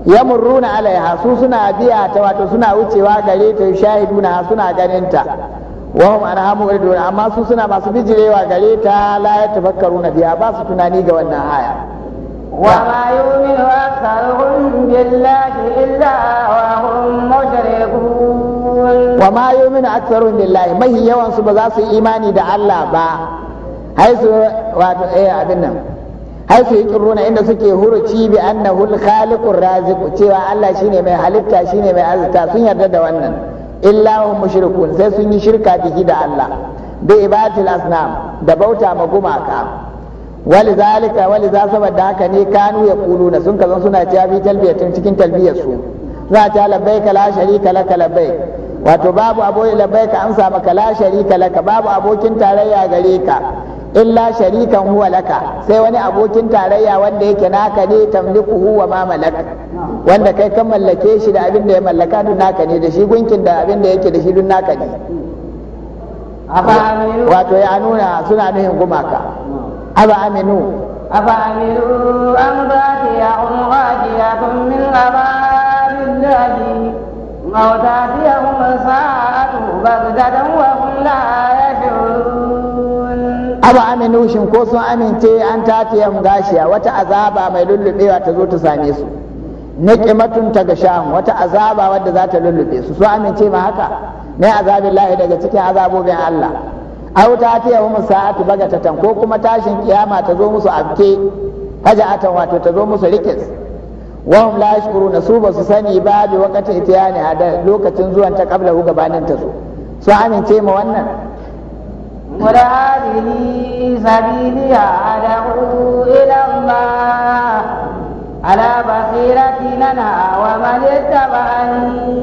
yamurruna alaiha su suna biya ta wato suna wucewa gare ta shahiduna suna ganin ta hum arhamu mu'ridun amma su suna masu bijirewa gare ta la yatafakkaruna biya ba su tunani ga wannan aya وما يؤمن أكثرهم بالله إلا وهم مشركون wa ma yu'minu aksarun billahi mahi yawan su ba za su yi imani da Allah ba haisu wato eh abin nan haisu inda suke huruci bi annahu al-khaliqur raziq cewa Allah shine mai halitta shine mai azita sun yarda da wannan illa hum mushrikun sai sun yi shirka biki da Allah bi ibadatil asnam da bauta ma gumaka wali zalika wali za saboda haka ne kanu ya kuluna sun kazan suna cewa bi talbiyatin cikin talbiyar su za ta kala la sharika kala labbaik wato babu abokin labbaika amsa maka la sharika laka babu abokin tarayya gare ka illa sharikan huwa laka sai wani abokin tarayya wanda yake naka ne tamlikuhu huwa ma malaka wanda kai kan mallake shi da abin da ya mallaka dun naka ne da shi gunkin da abin da yake da shi dun naka ne wato ya nuna suna nuhin gumaka aba aminu aba aminu an zati ya umma min ababillahi أو تأتيهم الساعة بغتة وهم لا يشعرون أبا wata azaba mai أن تأتيهم غاشية وتأذابا ما يلولي وتزوت ساميسو niqimatun ta shahun wata azaba wadda za ta lullube su su amince ma haka ne azabin lahi daga cikin azabobin Allah au ta baga mu sa'atu bagatatan ko kuma tashin kiyama ta zo musu abke haja'atan wato ta zo musu rikis wahum la na su ba su sani ba bi wakati itiyani a da lokacin zuwan ta kabla hu gabanin ta zo su amince ma wannan wala hadhihi sabiliya ad'u ila Allah ala basiratin ana wa man ittaba'ani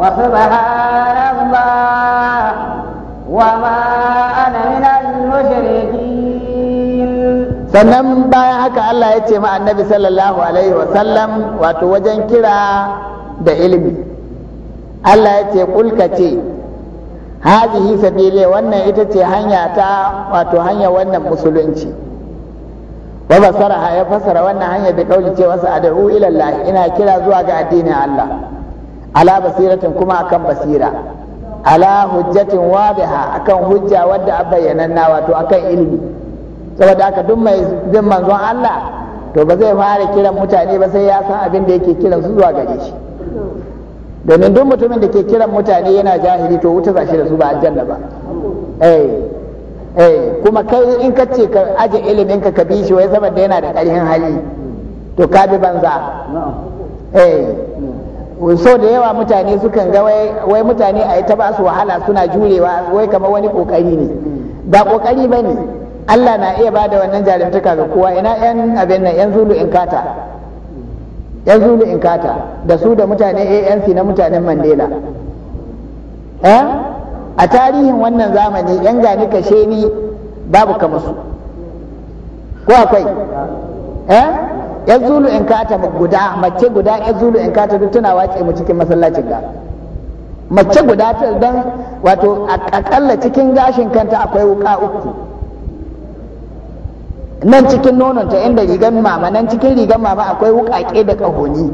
wa subhanallah wa ma ana min al-mushrikin sannan bayan haka Allah ya ce ma annabi sallallahu alaihi wasallam wato wajen kira da ilimi Allah ya ce kulka ce hadihi sabile wannan ita ce hanya ta wato hanya wannan musulunci wa basaraha ya fasara wannan hanya da kauli ce wasu ad'u ila Allah ina kira zuwa ga addinin Allah ala basiratin kuma akan basira ala hujjatin wadiha akan hujja wadda na wato akan ilimi saboda aka duk mai bin manzon Allah to ba zai fara kiran mutane ba sai ya san abin da yake kiran su zuwa gare shi domin duk mutumin da ke kiran mutane yana jahili to wuta zashi da su ba aljanna ba eh, eh kuma kai in ka ce ka aje ilimin ka ka bi shi wai saboda yana da ƙarfin hali to ka bi banza eh so da yawa mutane sukan ga wai mutane a yi ta ba su wahala suna jurewa wai kamar wani kokari ne ba kokari ba ne Allah na iya ba da wannan jarumtaka ga kowa ina yan abin nan yan zulu in kata yan zulu in kata da su da mutane ANC na mutanen Mandela eh a tarihin wannan zamani yan gani kashe ni babu kamar su ko akwai eh yan zulu in kata guda mace guda yan zulu in kata duk tana wace mu cikin masallacin ga mace guda ta dan wato akalla cikin gashin kanta akwai wuka uku nan cikin nononta inda rigar mama nan cikin rigar mama akwai wukake da ƙahoni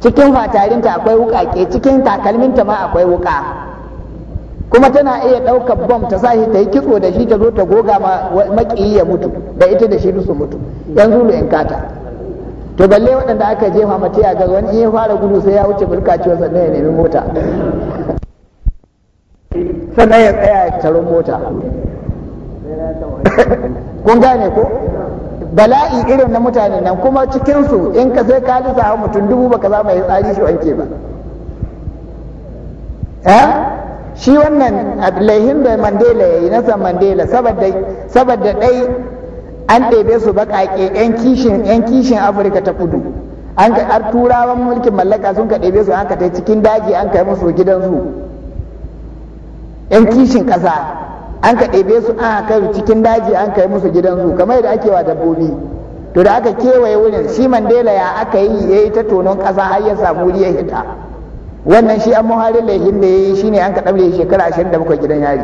cikin fatarinta akwai wukake cikin takalminta ma akwai wuka kuma tana iya ɗaukar bom ta sahi ta yi kitso da shi ta zo ta goga maƙiyi ya mutu da ita da shi su mutu yanzu lu in kata to balle waɗanda aka jefa mata ya ga wani ya fara gudu sai ya wuce bulka ciwon sannan ya nemi mota sannan ya tsaya ya taron mota kun gane ko bala'i irin na mutane nan kuma cikinsu in ka sai ka lisa hau mutum dubu baka za mai tsari shi wanke ba shi wannan laihin da mandela ya yi nasa mandela saboda dai an ɗebe su baƙaƙe 'yan kishin 'yan kishin afirka ta kudu an ka ar turawan mulkin mallaka sun ka ɗebe su an ka ta cikin daji an kai musu gidansu 'yan kishin ƙasa an ka ɗebe su a kai cikin daji an kai musu gidan zu kamar yadda ake wa dabbobi to da aka kewaye wurin shi mandela ya aka yi ya yi ta tonon ƙasa har ya samu wuri ya hita wannan shi an muhari laifin da ya yi shi ne an ka ɗaure shekara ashirin da bakwai gidan yari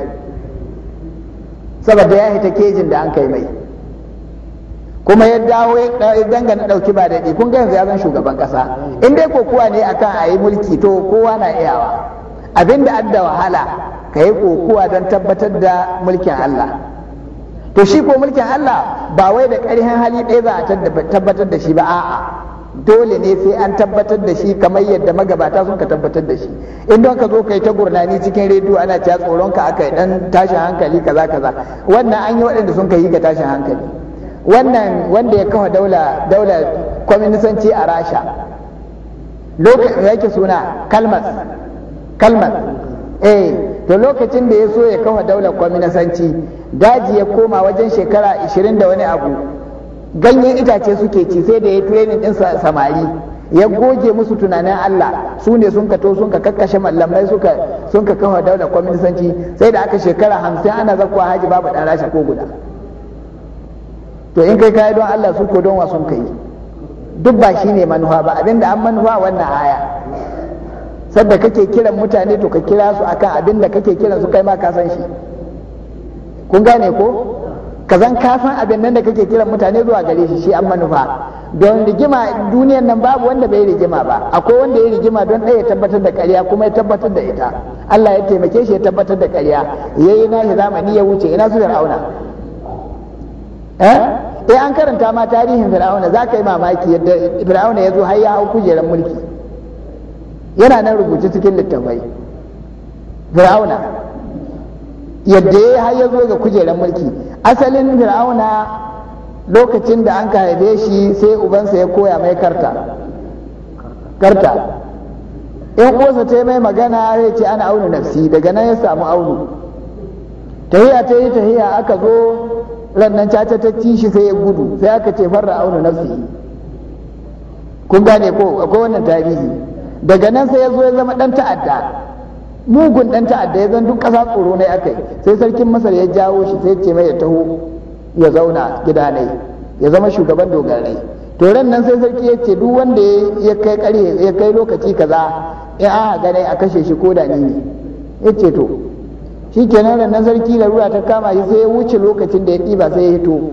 saboda ya hita kejin da an kai mai kuma ya dawo ya dangana ɗauki ba daɗi kun ga yanzu ya zan shugaban ƙasa in dai kokuwa ne akan a yi mulki to kowa na iyawa abin da adda wahala ka yi kokuwa don tabbatar da mulkin Allah to shi ko mulkin Allah ba wai da ƙarfin hali ɗaya za a tabbatar da shi ba a'a dole ne sai an tabbatar da shi kamar yadda magabata suka tabbatar da shi in don ka zo kai ta gurnani cikin rediyo ana cewa tsoron ka aka dan tashin hankali kaza kaza wannan an yi waɗanda sun kai ga tashin hankali wannan wanda ya kafa daula daula kwaminisanci a rasha lokacin yake suna kalmas kalmar eh to lokacin da ya so ya kafa daular kwaminasanci daji ya koma wajen shekara 20 da wani abu ganyen itace suke ci sai da ya training din samari ya goge musu tunanin Allah su ne sun kato sun ka kakkashe mallamai suka sun ka kafa daular kwaminasanci sai da aka shekara 50 ana zakwa haji babu dan rasha ko guda to in kai kai don Allah su ko don wa sun kai duk ba shine manufa ba abinda an manufa wannan aya sadda kake kiran mutane to ka kira su akan abin da kake kiran su kai ma ka san shi kun gane ko ka zan ka abin nan da kake kiran mutane zuwa gare shi shi an manufa don rigima duniyar nan babu wanda bai rigima ba akwai wanda ya rigima don ɗaya tabbatar da ƙarya kuma ya tabbatar da ita Allah ya taimake shi ya tabbatar da ƙarya yayi na shi zamani ya wuce ina su Fir'auna eh eh an karanta ma tarihin Fir'auna zaka yi mamaki yadda Fir'auna ya zo har ya hau kujerar mulki yana nan rubuce cikin littattafai. fir'auna yadda ya har ya zo ga kujerar mulki asalin fir'auna lokacin da an ka haife shi sai ubansa ya koya mai karta karta in uwarsa ta mai magana ya ce ana auni nafsi daga nan ya samu aunu tahiya ta yi tahiya aka zo rannan caca ta ci shi sai ya gudu sai aka ce farra auni nafsi kun gane ko akwai wannan tarihi daga nan sai ya zo ya zama dan ta'adda mugun dan ta'adda ya zan duk kasa tsoro ne akai sai sarkin masar ya jawo shi sai ya ce mai ya taho ya zauna gida ya zama shugaban dogarai to ran nan sai sarki ya ce duk wanda ya kai kare ya kai lokaci kaza ya aka gane a kashe shi ko da ni ne ya ce to shikenan ran nan sarki larura ta kama shi sai ya wuce lokacin da ya ɗiba sai ya hito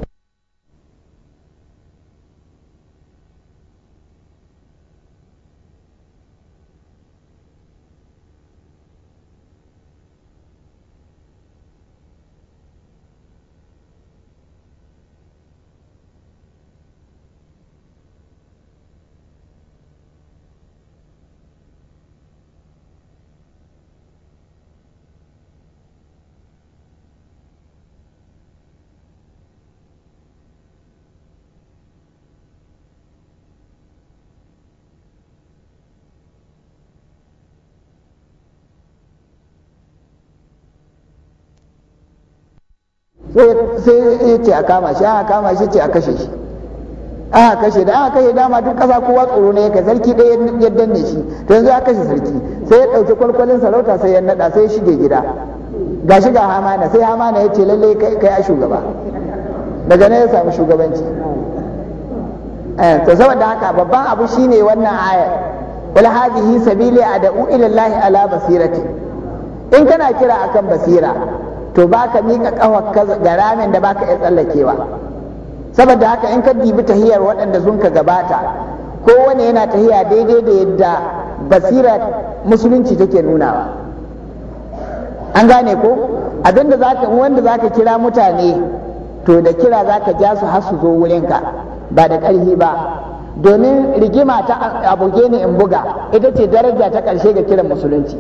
sai ya ce a kama shi aka kama shi ce a kashe shi aka kashe da aka kashe dama duk kasa kowa tsoro ne ka sarki ɗaya ya danne shi to yanzu aka kashe sarki sai ya ɗauki kwalkwalin sarauta sai ya naɗa sai ya shige gida ga shi ga hamana sai hamana ya ce lalle kai ya shugaba daga nan ya samu shugabanci eh, to saboda haka babban abu shine wannan ayar wal hadhihi sabili ad'u ila Allah ala basirati in kana kira akan basira to ba ka miƙa ƙawarka ga ramin da ba ka iya tsallakewa saboda haka in ka dibi tahiyar waɗanda sun ka gabata kowane yana tahiya daidai da yadda basira musulunci take nunawa an gane ko abinda zaka wanda zaka kira mutane to da kira zaka ja su har su zo wurinka ba da ƙarfi ba domin rigima ta abuge ne in buga ita ce daraja ta ƙarshe ga kiran musulunci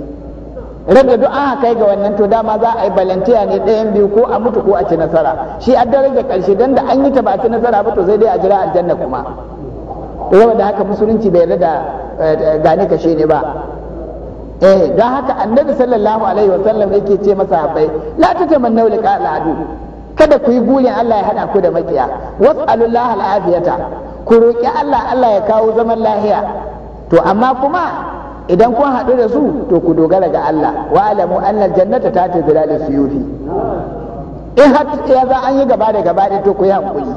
rage du'a kai ga wannan to dama za a yi balantiya ne ɗayan biyu ko a mutu ko a ci nasara shi a daraja ƙarshe don da an yi ta ba a ci nasara ba to sai dai a jira aljanna kuma to saboda haka musulunci bai yarda da eh, gane kashe ne ba eh don haka annabi sallallahu alaihi wa sallam yake ce masa habbai la tatamannu liqa al'adu kada ku yi burin Allah ya hada ku da makiya was'alullahi al'afiyata ku roki Allah Allah ya kawo zaman lahiya to amma kuma idan kun haɗu da su to ku dogara ga Allah wa alamu annal jannata ta ta da suyufi in har ya za an yi gaba da gaba to ku yi hankuli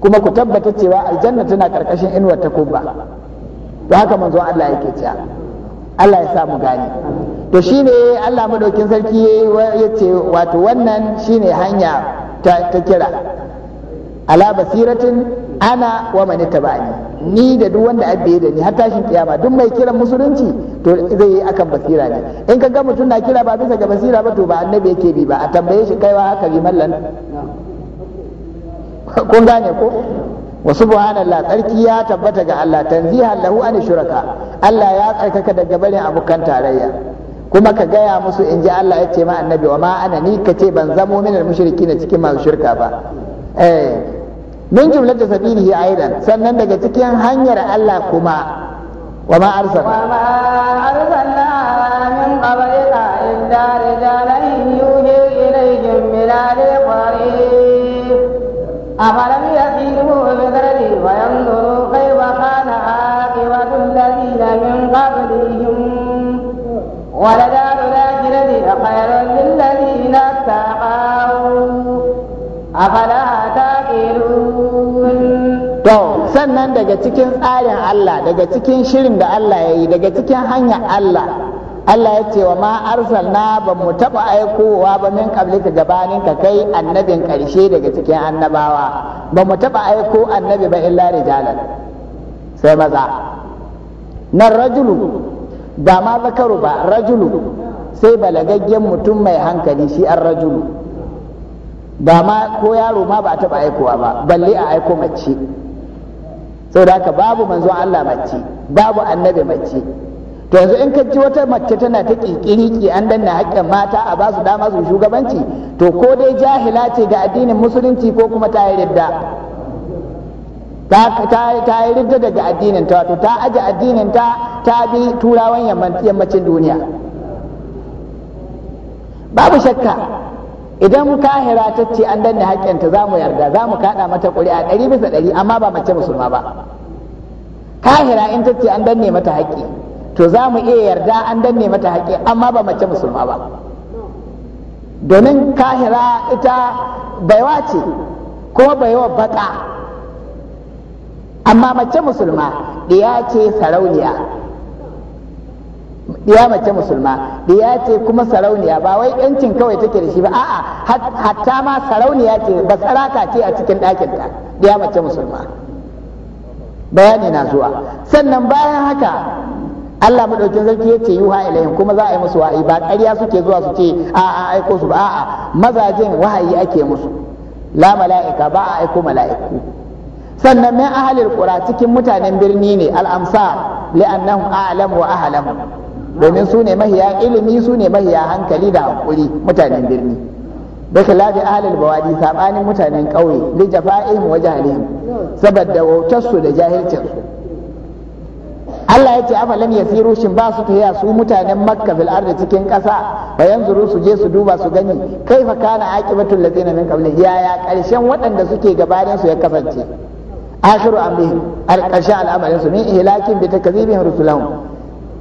kuma ku tabbata cewa aljanna tana karkashin inuwar kubba to haka manzo Allah yake cewa Allah ya sa mu gane to shine Allah madaukin sarki ya ce wato wannan shine hanya ta kira ala basiratin ana wa mani tabani ni da duk wanda abbe da ni har tashin kiyama duk mai kiran musulunci to zai yi akan basira ne in ka ga mutum na kira ba bisa ga basira ba to ba annabi yake bi ba a tambaye shi kaiwa haka bi mallan kun gane ko wa subhanallah tsarki ya tabbata ga Allah tanziha lahu an shuraka Allah ya tsarkaka daga barin abokan tarayya kuma ka gaya musu in ji Allah ya ce ma annabi wa ma ana ni ka ce ban zamo minal mushrikina na cikin masu shirka ba eh min jumlati sabilihi aidan sannan daga cikin hanyar Allah kuma wa ma arsalna wa ma arsalna min qablika illa rijalan yuhi ilayhim min al-qarin afalam yasiru bi dharri wa yanzuru kayfa kana aqibatu alladhina min qablihim wa la daru al-akhirati khayrun lil ladina taqaw afala to sannan daga cikin tsarin Allah daga cikin shirin da Allah ya yi daga cikin hanyar Allah Allah ya ce wa ma arsalna ba mu taɓa aikowa ba min kablika gabanin ka kai annabin ƙarshe daga cikin annabawa ba mu taɓa aiko annabi ba illa rijala sai maza nan rajulu ba ma zakaru ba rajulu sai balagaggen mutum mai hankali shi an rajulu ba ma ko yaro ma ba a taɓa aikowa ba balle a aiko mace saboda haka babu manzon Allah mace babu annabi mace to yanzu in ka ji wata mace tana ta kikiriki an danna haƙƙin mata a basu dama su shugabanci to ko dai jahila ce ga addinin musulunci ko kuma ta yi ridda ta yi ridda daga addinin ta wato ta aje addinin ta ta bi turawan yammacin duniya babu shakka idan kahira ta ce an danne haƙƙinta za mu yarda za mu kaɗa mata ƙuri'a ɗari bisa ɗari amma ba mace musulma ba kahira in ta ce an danne mata haƙƙi to za mu iya yarda an danne mata haƙƙi amma ba mace musulma ba domin kahira ita baiwa ce ko baiwa baƙa amma mace musulma ɗiya ce sarauniya ya mace musulma Ɗaya ce kuma sarauniya ba wai yancin kawai take da shi ba a'a hatta ma sarauniya ce ba saraka ce a cikin ɗakin ta ya mace musulma bayani na zuwa sannan bayan haka Allah madaukin sarki yace yuha ilayhim kuma za a yi musu wai ba ƙarya suke zuwa su ce a a aiko su ba a'a mazajin wahayi ake musu la mala'ika ba a aiko mala'iku sannan min ahalil qura cikin mutanen birni ne al-amsar li'annahum a'lamu wa ahlamu domin su ne mahiya ilimi su ne mahiya hankali da hankuri mutanen birni da khilafi ahlul bawadi sabanin mutanen kauye li jafa'ihim wa jahlihim saboda wautarsu da jahilcinsu Allah ya ce afa lam yasiru shin ba su tafiya su mutanen Makka fil ardi cikin ƙasa wa yanzuru su je su duba su gani Kai kaifa kana aqibatul ladina min ya yaya karshen waɗanda suke gabanin su ya kasance akhiru amrihim al al'amarin su min ihlakin bi takzibihim rusulahum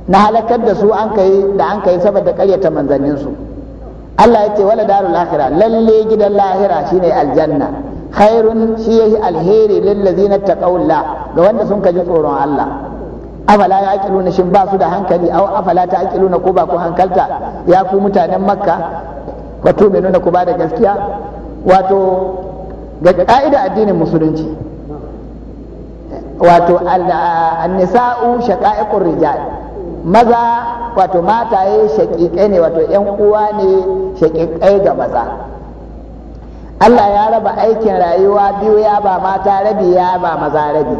na halakar da su an kai da an kai saboda ƙaryata manzanninsu Allah ya ce wala darul lahira, lalle gidan lahira shine aljanna khairun shi yahi alheri lil ladzina taqawla ga wanda sun kaji tsoron Allah afala ya aqiluna shin ba su da hankali aw afala ta aqiluna ko ba ku hankalta ya ku mutanen makka wato mai nuna ku ba da gaskiya wato ga ka'ida addinin musulunci wato an-nisa'u shaqa'iqur rijal maza wato mataye shaƙiƙai ne wato ‘yan uwa ne shaƙiƙai ga maza Allah ya raba aikin rayuwa biyu ya ba mata rabi ya ba maza rabi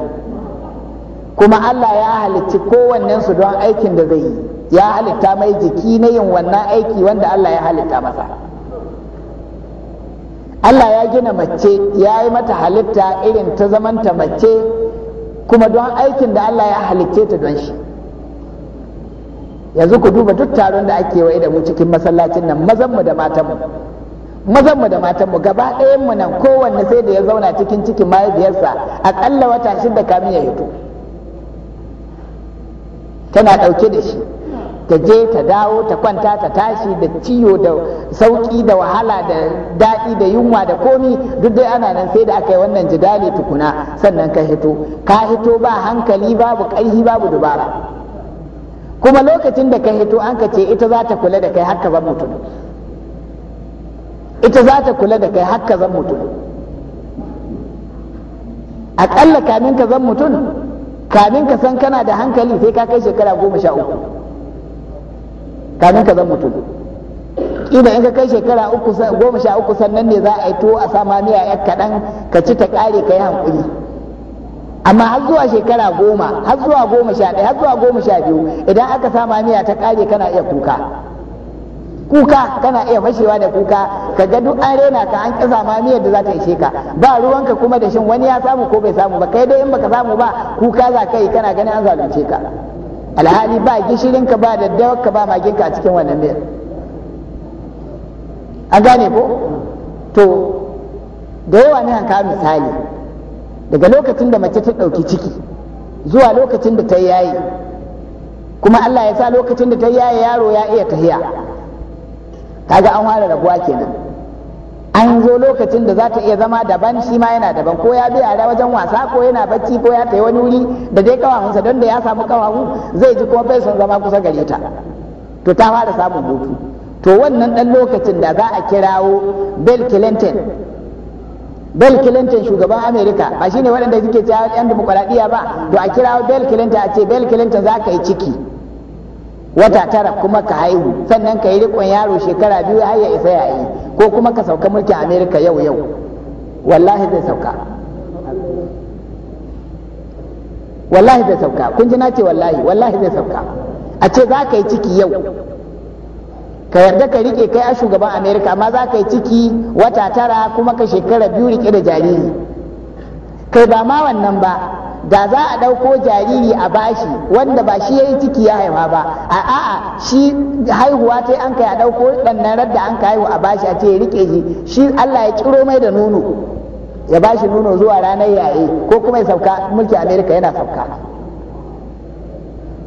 kuma Allah ya halicci kowannensu don aikin da zai yi ya halitta mai jiki na yin wannan aiki wanda Allah ya halitta masa Allah ya gina mace ya yi mata halitta irin ta zamanta mace kuma don aikin da Allah ya halicce ta don shi yanzu ku duba duk taron da ake waida da mu cikin masallacin nan mu da matan mu. mazan mu da matan mu, gaba ɗayan mu nan kowanne sai da ya zauna cikin cikin mahaifiyarsa aƙalla wata shida kamin ya hito tana ɗauke da shi ta je ta dawo ta kwanta ta tashi da ciwo da sauƙi da wahala da daɗi da yunwa da komi duk dai ana nan sai da aka yi wannan jidali tukuna sannan ka hito ka hito ba hankali babu ƙarfi babu dubara kuma lokacin da ka hito an ka ce ita za ta kula da kai haka zan mutum ita za ta kula da kai haka zan mutum aƙalla kamin ka zan mutum kamin ka san kana da hankali sai ka kai shekara goma sha uku kamin ka zan mutum Ina in ka kai shekara goma sha uku sannan ne za a yi tuwo a sama miya yan kaɗan ka ci ta ƙare ka yi hankuli amma har zuwa shekara goma har zuwa goma sha ɗaya har zuwa goma sha biyu idan aka sa miya ta ƙare kana iya kuka kuka kana iya fashewa da kuka ka ga duk an rena ka an kasa ma miyar da za ta ishe ka ba ruwanka kuma da shin wani ya samu ko bai samu ba kai dai in baka samu ba kuka za ka yi kana ganin an zalunce ka alhali ba gishirin ka ba daddawar ka ba magin ka a cikin wannan miyar an gane ko to da yawa ne an kawo misali daga lokacin da mace ta ɗauki ciki zuwa lokacin da ta yaye kuma Allah ya sa lokacin da ta yaye yaro ya iya tahiya kaga an fara rabuwa kenan an zo lokacin da za ta iya zama daban shi ma yana daban ko ya bi yara wajen wasa ko yana bacci ko ya tafi wani wuri da dai kawahunsa don da ya samu kawahu zai ji kuma bai son zama kusa gare ta to ta fara samun hutu to wannan ɗan lokacin da za a kirawo bill clinton Bill Clinton shugaban Amerika ba shine waɗanda suke cewa yan demokuraɗiyya ba to a kira Bill Clinton a ce Bill Clinton za ka yi ciki wata tara kuma ka haihu sannan ka yi rikon yaro shekara biyu har ya isa yayi ko kuma ka sauka mulkin Amerika yau yau wallahi zai sauka wallahi zai sauka kun ji na ce wallahi wallahi zai sauka a ce za ka yi ciki yau ka yarda ka rike kai a shugaban Amerika amma za ka yi ciki wata tara kuma ka shekara biyu rike da jariri kai ba ma wannan ba da za a ɗauko jariri a bashi wanda ba shi ya yi ciki ya haifa ba a a'a shi haihuwa ta an kai a ɗauko ɗannan radda an ka haihu a bashi a ce rike shi shi allah ya ciro mai da nono ya bashi nono zuwa ranar yaye ko kuma ya sauka mulki Amerika yana sauka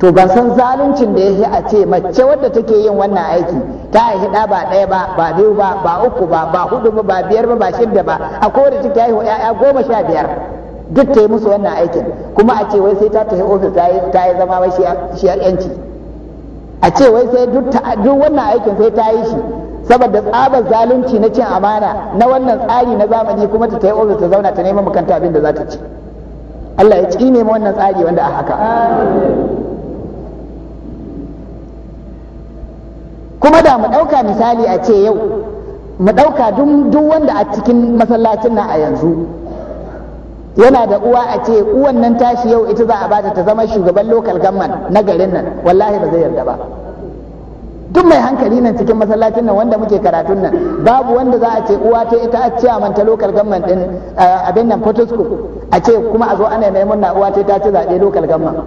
to ban san zaluncin da ya a ce mace wadda take yin wannan aiki ta yi da ba ɗaya ba ba biyu ba ba uku ba ba hudu ba ba biyar ba ba shida ba a kowace take wa ya'ya goma sha biyar duk ta yi musu wannan aikin kuma a ce wai sai ta tafi ofis ta yi zama wai shi yanci a ce wai sai duk wannan aikin sai ta yi shi saboda tsabar zalunci na cin amana na wannan tsari na zamani kuma ta tafi ofis ta zauna ta mu makanta abin da za ta ci Allah ya ne mu wannan tsari wanda a haka kuma da mu ɗauka misali a ce yau mu ɗauka duk wanda a cikin masallacin nan a yanzu yana da uwa a ce uwan nan tashi yau ita za a bata ta zama shugaban local government na garin nan wallahi ba zai yarda ba duk mai hankali nan cikin masallacin nan wanda muke karatun nan babu wanda za a ce uwa ta ita a ciyaman ta local government din eh, abin nan photoscope a ce kuma a zo ana neman na uwa ta ta ci zaɓe local government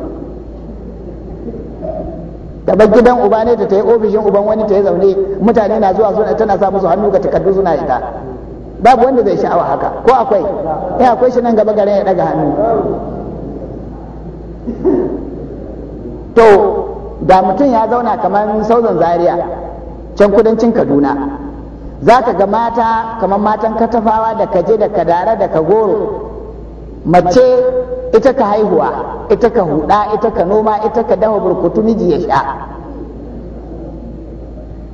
da bar gidan uba ne da ta yi ofishin uban wani ta yi zaune mutane na zuwa suna tana sa musu hannu ga takardu suna ita babu wanda zai sha'awa haka ko akwai eh akwai shi nan gaba garin ya daga hannu to da mutum ya zauna kamar sauran zaria can kudancin kaduna za ka ga mata kamar matan katafawa da kaje da kadara da kagoro mace ita ka haihuwa ita ka huda ita ka noma ita ka dawo, burkutu miji ya sha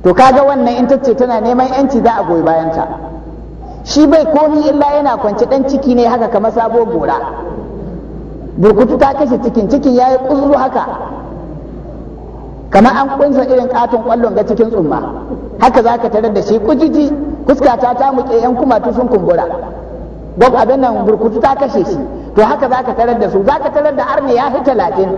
to kaga wannan in tace tana neman yanci za a goyi bayanta shi bai komi illa yana kwance dan ciki ne haka kamar sabo gora burkutu ta kashe cikin cikin yayi kuzuru haka kamar an kunsa irin katon kwallon ga cikin tsumma haka zaka tarar da shi kujiji fuska ta ta muke yan kuma sun kumbura gwab abin nan burkutu ta kashe shi to haka za ka tarar da su za ka tarar da arni ya fi talatin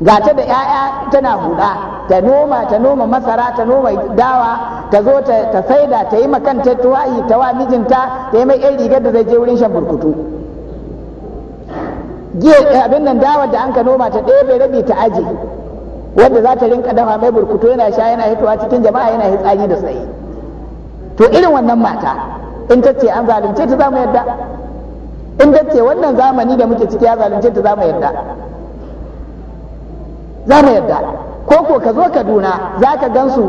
ga ta da 'ya'ya tana huda ta noma ta noma masara ta noma dawa ta zo ta saida ta yi makanta tuwayi ta wa mijinta ta yi mai yan rigar da zai je wurin shan burkutu abin nan dawar da an ka noma ta bai rabi ta aji wanda za ta rinka dafa mai burkutu yana sha yana hitowa cikin jama'a yana hitsari da tsaye to irin wannan mata in ta ce an zalunce ta za mu yadda in da ce wannan zamani da muke ciki ya zalunce ta za mu yarda za ko ko ka zo kaduna za ka gansu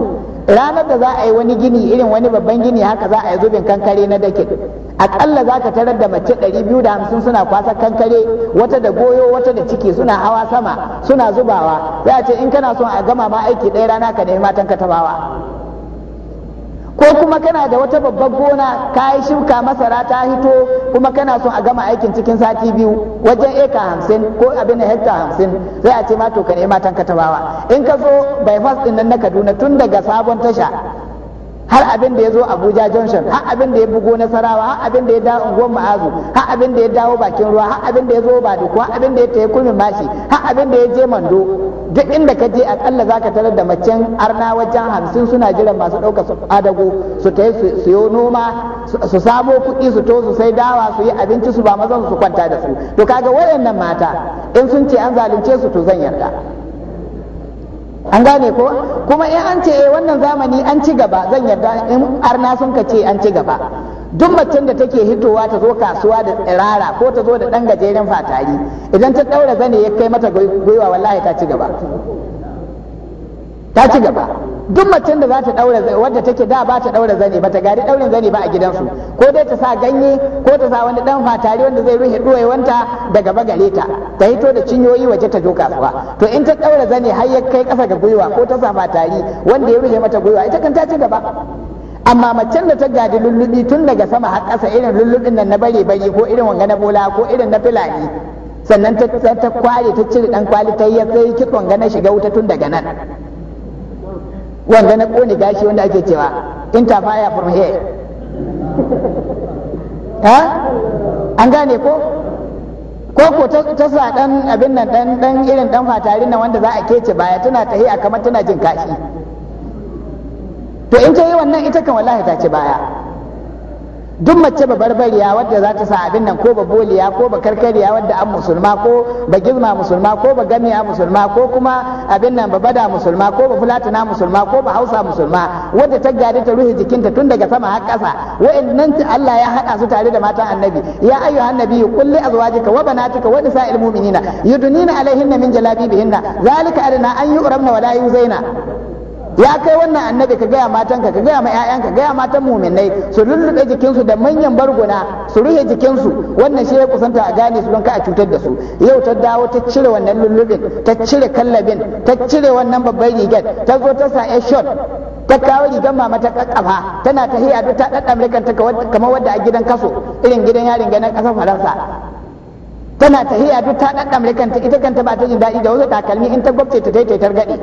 ranar da za a yi wani gini irin wani babban gini haka za a yi zubin kankare na dake akalla za ka tarar da mace 250 suna kwasa kankare wata da goyo wata da ciki suna hawa sama suna zubawa za a ce in kana son a gama ma aiki ɗaya rana ka nemi matan katabawa ko kuma kana da wata babbar gona ka yi shuka masara ta hito kuma kana son a gama aikin cikin sati biyu wajen eka hamsin ko abin da hekta hamsin sai a ce ma to ka nema tankatawa in ka zo bypass din nan na kaduna tun daga sabon tasha har abin da ya zo abuja junction har abin da ya bugo nasarawa har abin da ya dawo unguwar ma'azu har abin da ya dawo bakin ruwa har abin da ya zo da kuwa abin da ya tafi kurmin Mashi, har abin da ya je mando duk inda ka je akalla za ka tarar da macen arna wajen hamsin suna jiran masu ɗauka su adago su ta su yi noma su samo kuɗi su to su sai dawa su yi abinci su ba mazan su kwanta da su to kaga waɗannan mata in sun ce an zalunce su to zan yarda an gane ko kuma in an ce eh wannan zamani an ci gaba zan yarda in arna sun ka ce an ci gaba duk macen da take hitowa ta zo kasuwa da tsirara ko ta zo da dan gajeren fatari idan ta daura zane ya kai mata gwiwa wallahi ta ci gaba ta ci gaba duk macen da za ta daura wadda take da ba ta daura zane ba ta gari daurin zane ba a gidansu ko dai ta sa ganye ko ta sa wani dan fatari wanda zai rufe da daga bagare ta ta hito da cinyoyi waje ta doka kasuwa to in ta daura zane har ya kai kasa ga gwiwa ko ta sa fatari wanda ya ruhe mata gwiwa ita kan ta ci gaba amma macen da ta gadi lullubi tun daga sama har kasa irin lullubin nan na bare bare ko irin wanga na bola ko irin na filani sannan ta kware ta cire dan kwali ta yi kitson ga na shiga wuta tun daga nan wanda na kone gashi wanda ake cewa interfire from here ha an gane ko ko ko ta sa dan abin nan dan dan irin dan fatarin nan wanda za a kece baya tana tahi a kamar tana jin kashi to in ta yi wannan ita kan wallahi ta ci baya duk mace ba barbariya wadda za ta sa abin nan ko ba boliya ko ba karkariya wadda an musulma ko ba gizma musulma ko ba gamiya musulma ko kuma abin nan ba bada musulma ko ba fulatina musulma ko ba hausa musulma wadda ta gadi ta ruhi jikinta tun daga sama har ƙasa wa'annan Allah ya haɗa su tare da matan annabi ya ayyuhan nabi qul li azwajika wa banatika wa nisa'il mu'minina yudnina alaihinna min jalabibihinna zalika adna an yu'ramna wa la yuzaina ya kai wannan annabi ka gaya matanka ka gaya ma ƴaƴanka gaya matan muminai su lullube jikinsu da manyan barguna su rufe jikinsu wannan shi ya kusanta a gane su don ka a cutar da su yau ta dawo ta cire wannan lullubin ta cire kallabin ta cire wannan babban rigar ta zo ta sa ƴan shot ta kawo rigar mama ta kakkafa tana ta hiya duk ta daddamre kanta kamar wadda a gidan kaso irin gidan yarin ganin ƙasar faransa tana ta tahiya duk ta daddamre kanta ita kanta ba ta jin daɗi da wasu takalmi in ta gwabce ta taitaitar gaɗe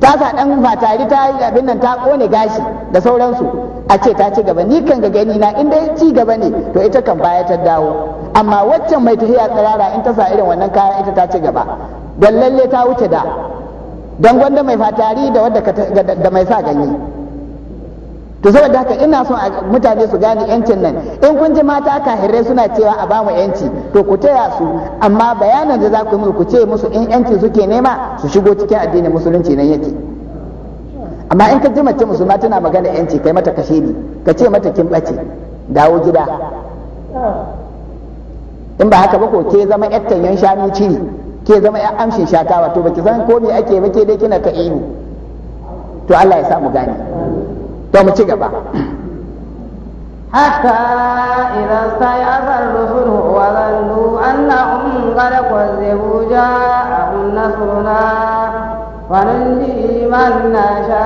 ta sa ɗan fatari ta yi abin nan ta kone gashi da sauransu a ce ta ci gaba ni kan ga gani na in dai ci gaba ne to ita kan baya ta dawo amma waccan mai tafiya tsirara in ta sa irin wannan kaya ita ta ci gaba don lalle ta wuce da don gwanda mai fatari da wadda da mai sa ganye to saboda haka ina son mutane su gane yancin nan in kun ji mata kahirai suna cewa a bamu yanci to ku taya su amma bayanan da za ku yi musu ku ce musu in yanci suke nema su shigo cikin addinin musulunci nan yake amma in ka ji mace musulma tana magana yanci kai mata kashe ni ka ce mata kin bace dawo gida in ba haka ba ko ke zama yattan tanyan shanu ciri ke zama yan amshin shatawa to baki san ko me ake ba ke dai kina ka ihu to Allah ya sa mu gane Dom ce gaba. Hata idan sai a sandu sun huɓu a zan yi ruwa, ana suna kwanan jini man na sha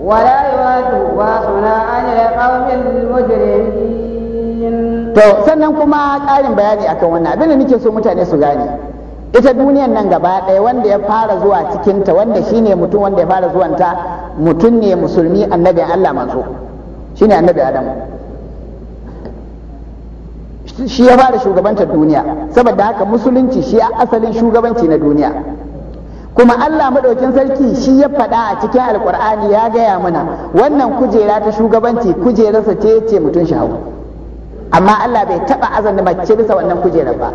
Wajen rayuwa suna ajiye ɓauke da muje To sannan kuma ƙarin bayani akan wannan, abin da nake so mutane su gane. ita duniyan nan gaba ɗaya wanda ya fara zuwa cikinta wanda shine mutum wanda ya fara zuwanta mutum ne musulmi annabi Allah manzo shine annabi Adam shi ya fara shugabantar duniya saboda haka musulunci shi asalin shugabanci na duniya kuma Allah maɗaukin sarki shi ya faɗa a cikin alkur'ani ya gaya mana wannan kujera ta shugabanci kujerarsa ce ce mutum shahu amma Allah bai taɓa azan mace bisa wannan kujerar ba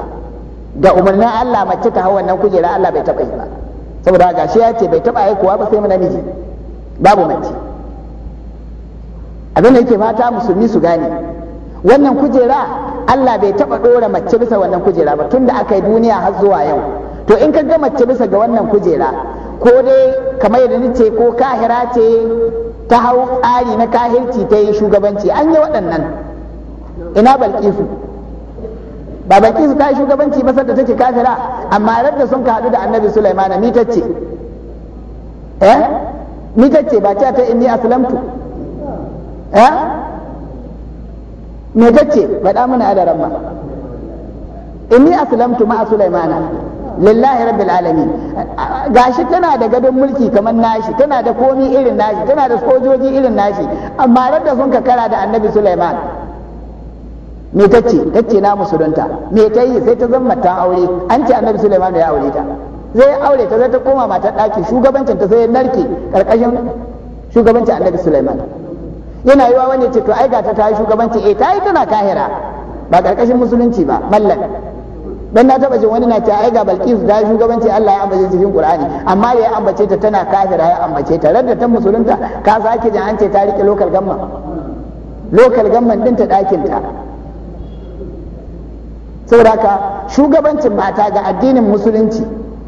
da umarnin Allah mace ta hawa wannan kujera Allah bai taba yi ba saboda gashi ya ce bai taba aikowa ba sai namiji babu mace abin da yake mata musulmi su gane wannan kujera Allah bai taba dora mace bisa wannan kujera ba tunda aka yi duniya har zuwa yau to in ka ga mace bisa ga wannan kujera ko dai kamar yadda nace ko kahira ce ta hau tsari na kahirci ta yi shugabanci an yi waɗannan ina balkisu baban Kisu ta yi shugabanci masar da take kafira amma radda sun ka hadu da annabi sulaiman ni tace eh ni tace ba ta ta inni aslamtu eh me tace faɗa mana adaran ramma inni aslamtu ma sulaimana lillahi rabbil alamin gashi tana da gadon mulki kamar nashi tana da komi irin nashi tana da sojoji irin nashi amma radda sun ka kara da annabi sulaiman me tace tace na musulunta me ta yi sai ta zama ta aure an ce annabi Sulaiman ya aure ta zai aure ta zai ta koma matar ɗaki shugabancin ta sai ya narke karkashin shugabancin annabi Sulaiman yana yiwa wani ce to ai ga ta ta yi shugabanci eh ta yi tana kahira ba karkashin musulunci ba mallan dan na taba jin wani na ce ai ga Balkis da shugabanci Allah ya ambace cikin Qur'ani amma ya ambace ta tana kahira, ya ambace ta radda ta musulunta ka sake jin an ce ta rike lokal gamma lokal gamman din ta dakin ta saboda haka shugabancin mata ga addinin musulunci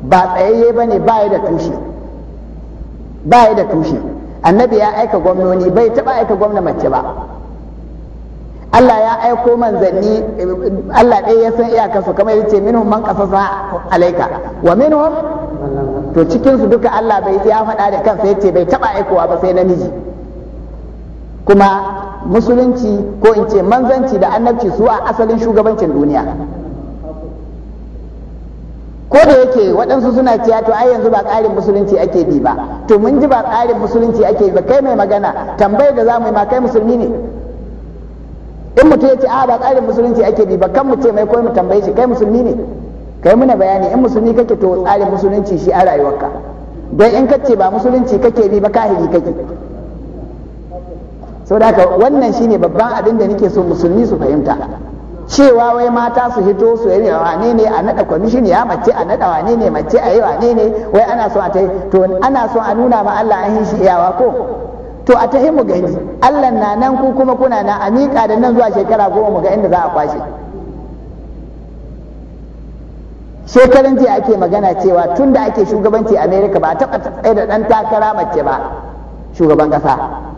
ba tsayayye ba ne baya da tushe baya da tushe annabi ya aika gwamnoni bai taɓa aika gwamna mace ba Allah ya aiko manzanni Allah ɗaya ya san iyakar su kamar yace ce minhum man qasasa alaika wa minhum to cikinsu duka Allah bai ya faɗa da kansa yace bai taba aikowa ba sai namiji kuma musulunci ko in ce manzanci da annabci su a asalin shugabancin duniya ko da yake waɗansu suna cewa to ai yanzu ba ƙarin musulunci ake bi ba to mun ji ba ƙarin musulunci ake bi ba kai mai magana tambayar da zamu yi ma kai musulmi ne in mutum ya ce a ba ƙarin musulunci ake bi ba kan mu ce mai ko mu tambaye shi kai musulmi ne kai muna bayani in musulmi kake to tsarin musulunci shi a rayuwarka dan in kace ba musulunci kake bi ba kahiri kake sau da wannan shine babban abin da nake so musulmi su fahimta cewa wai mata su hito su yi wane ne a naɗa kwamishin ya mace a naɗa wane ne mace a yi wane ne wai ana so a ta to ana so a nuna ma Allah an shi iyawa ko to a ta mu gani Allah na nan ku kuma kuna na amika da nan zuwa shekara goma mu ga inda za a kwashe shekaran jiya ake magana cewa tun da ake shugabanci Amerika ba a taɓa tsaye da ɗan takara mace ba shugaban ƙasa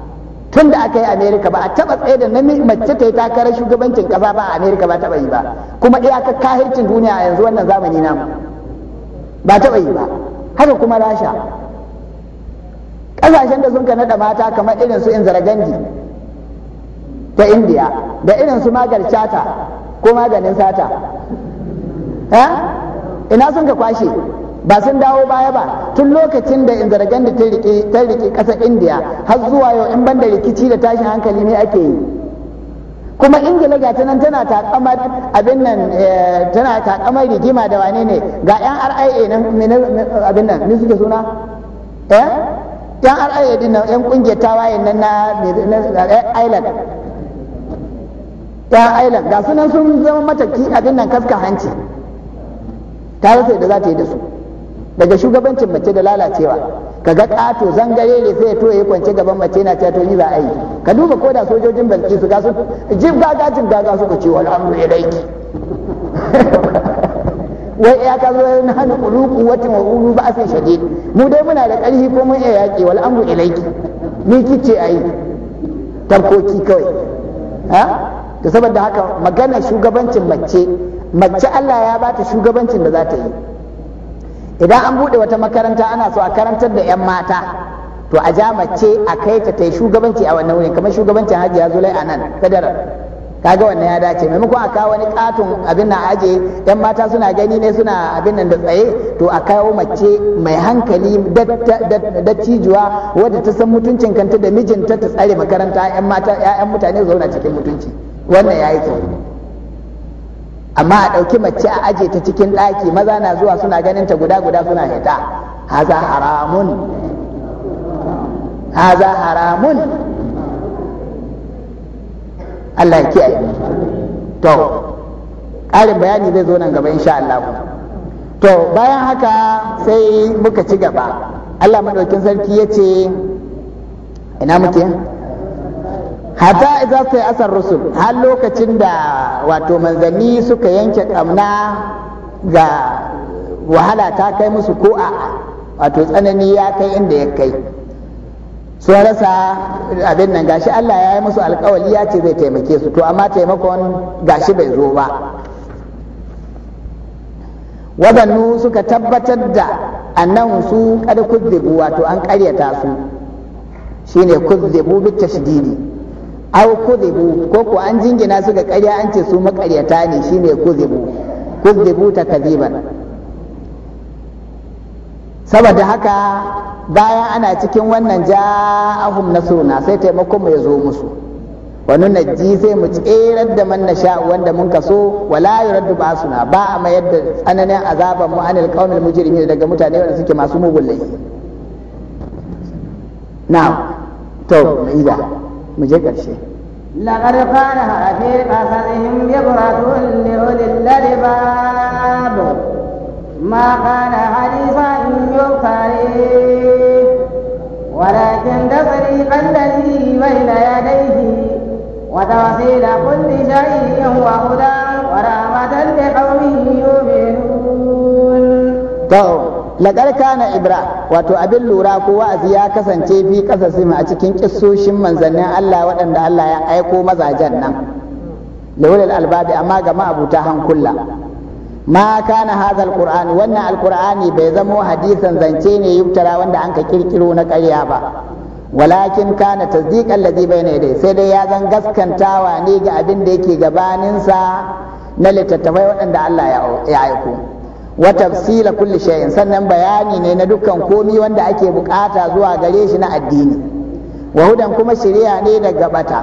tun da aka yi amerika ba a taba tsaye da na mace ta yi takarar shugabancin kasa ba a amerika ba taba yi ba kuma iyaka kahircin duniya a yanzu wannan zamani namu ba taba yi ba haka kuma rasha ƙasashen da sun ka naɗa mata kamar irin su inzaragandi ta indiya da irin su magar chata ko maganin sata ina sun ka kwashe ba sun dawo baya ba tun lokacin da indira da ta rike ta rike indiya har zuwa yau in banda rikici da tashin hankali ne ake yi kuma ingila ga tunan tana takamar abin nan eh, tana takamar rigima da wane ne ga yan ria nan abin nan ne suke suna eh yan ria din nan yan kungiyar tawayen nan na eh, island ta island ga sunan sun zama mataki abin nan kaska hanci ta rasa da za ta yi da su daga shugabancin mace da lalacewa ka ga kato zangare ne sai to yayi kwance gaban mace na cewa to yi za a yi ka duba ko da sojojin balki su ga su jib gaga gaga suka ce wal amru ilayki wai ya ka zo na hana ulu quwwatin wa ulu sai shade mu dai muna da ƙarfi ko mun iya yaƙi wal amru ilayki ni kice ayi tarkoki kawai ha to saboda haka magana shugabancin mace mace Allah ya bata shugabancin da za ta yi idan an buɗe wata makaranta ana so a karantar da 'yan mata to a ja mace a kai ta ta shugabanci a wannan wuri kamar shugabancin hajiya zulai a nan federal kaga wannan ya dace maimakon a kawo wani katon abin na aje yan mata suna gani ne suna abin nan da tsaye to a kawo mace mai hankali dattijuwa wadda ta san mutuncin kanta da mijinta ta tsare makaranta yan mata yan mutane zauna cikin mutunci wannan ya yi kyau amma a ɗauki mace a aje ta cikin ɗaki maza na zuwa suna ganin ta guda guda suna hita haza haramun haza haramun Allah ya kiyaye to ƙarin bayani zai zo nan gaba insha Allah to bayan haka sai muka ci gaba Allah madaukin sarki ya ce ina muke hatta idza sai asar rusul har lokacin da wato manzanni suka yanke kamna ga wahala ta kai musu ko a wato tsanani ya kai inda ya kai su rasa abin nan gashi Allah ya yi musu alkawali ya ce zai taimake su to amma taimakon gashi bai zo ba wadannu suka tabbatar da annan su kada kuzzibu wato an karyata su shine kuzzibu bi tashdidi au kuzibu ko ko an jingina su ga ƙarya an ce su makaryata ne shine kuzibu kuzibu ta kaziban saboda haka bayan ana cikin wannan ja'ahum nasruna sai taimakon mu ya zo musu wani ji sai mu tserar da man nasha wanda mun kaso wala yuraddu ba'suna ba a mayar da tsananin azaban mu anil qaumil mujrimin daga mutane wanda suke masu mugun laifi na to mai mu je ƙarshe لقد كان في قصصهم عبرة لأولي الألباب ما كان حديثا يفتري ولكن تصريف الذي بين يديه وتوصيل كل شيء وهدى ورحمة لقوم يؤمنون Lagar kana ibra wato abin lura ko wa'azi ya kasance fi ƙasasima a cikin kissoshin manzannin Allah waɗanda Allah ya aiko mazajen nan laulil albabi amma ga ma'abuta hankula ma kana hadha alqur'ani wannan alqur'ani bai zamo hadisan zance ne yubtara wanda anka kirkiro na ƙarya ba walakin kana tasdiqan ladhi bayna yadayhi sai dai ya zan gaskantawa ne ga abin da yake gabaninsa na littattafai waɗanda Allah ya aiko wa tafsila kulli shay'in sannan bayani ne na dukkan komi wanda ake bukata zuwa gare shi na addini wa hudan kuma shari'a ne daga bata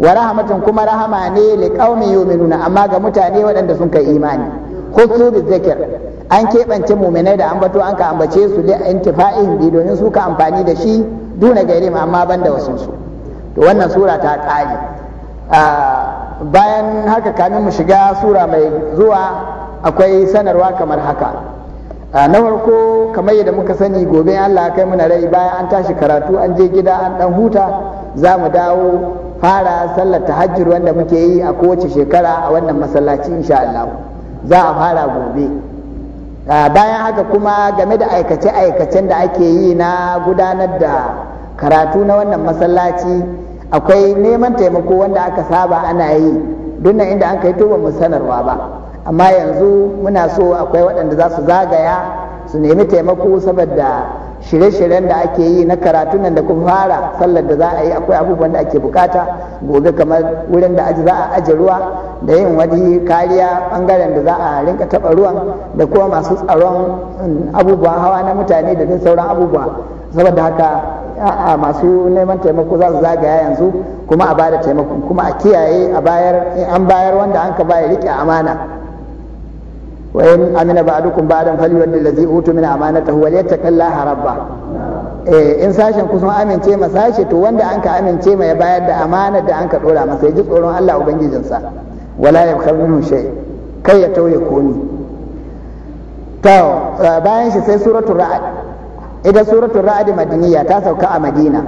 wa rahmatun kuma rahama ne li qaumi yu'minuna amma ga mutane waɗanda sun kai imani khusu bi zikr an keɓance muminai da ambato an ka ambace su li intifa'in bi domin su ka amfani da shi duna mu amma banda wasu su to wannan sura ta kare ah, bayan haka kamin mu shiga sura mai zuwa akwai sanarwa kamar haka na farko kamar yadda muka sani gobe Allah kai muna rai bayan an tashi karatu an je gida an dan huta za mu dawo fara sallar tahajjud wanda muke yi a kowace shekara a wannan masallaci insha Allah za a fara gobe bayan haka kuma game da aikace-aikacen da ake yi na gudanar da karatu na wannan masallaci akwai neman taimako wanda aka saba ana yi duk inda an kai to ba mu sanarwa ba amma yanzu muna so akwai waɗanda za su zagaya su nemi taimako saboda shirye-shiryen da ake yi na karatun nan da kuma fara sallar da za a yi akwai abubuwan da ake bukata gobe kamar wurin da za a aje ruwa da yin wani kariya bangaren da za a rinka taba ruwan da kuma masu tsaron um, abubuwan hawa na mutane da sauran abubuwa saboda haka a masu neman taimako za su zagaya yanzu kuma a bada taimako kuma a kiyaye a bayar an bayar wanda an ka bayar rike amana وإن أمن بعدكم بعدا فليؤد الذي أوتوا من أمانته وليتق الله ربه eh in sashen kusan amince ma sashe to wanda an ka amince ma ya bayar da amanar da an ka dora masa ya ji tsoron Allah ubangijinsa wala ya khar minhu shay kai ya tauye komi to bayan shi sai suratul ra'd idan suratul ra'd madaniya ta sauka a Madina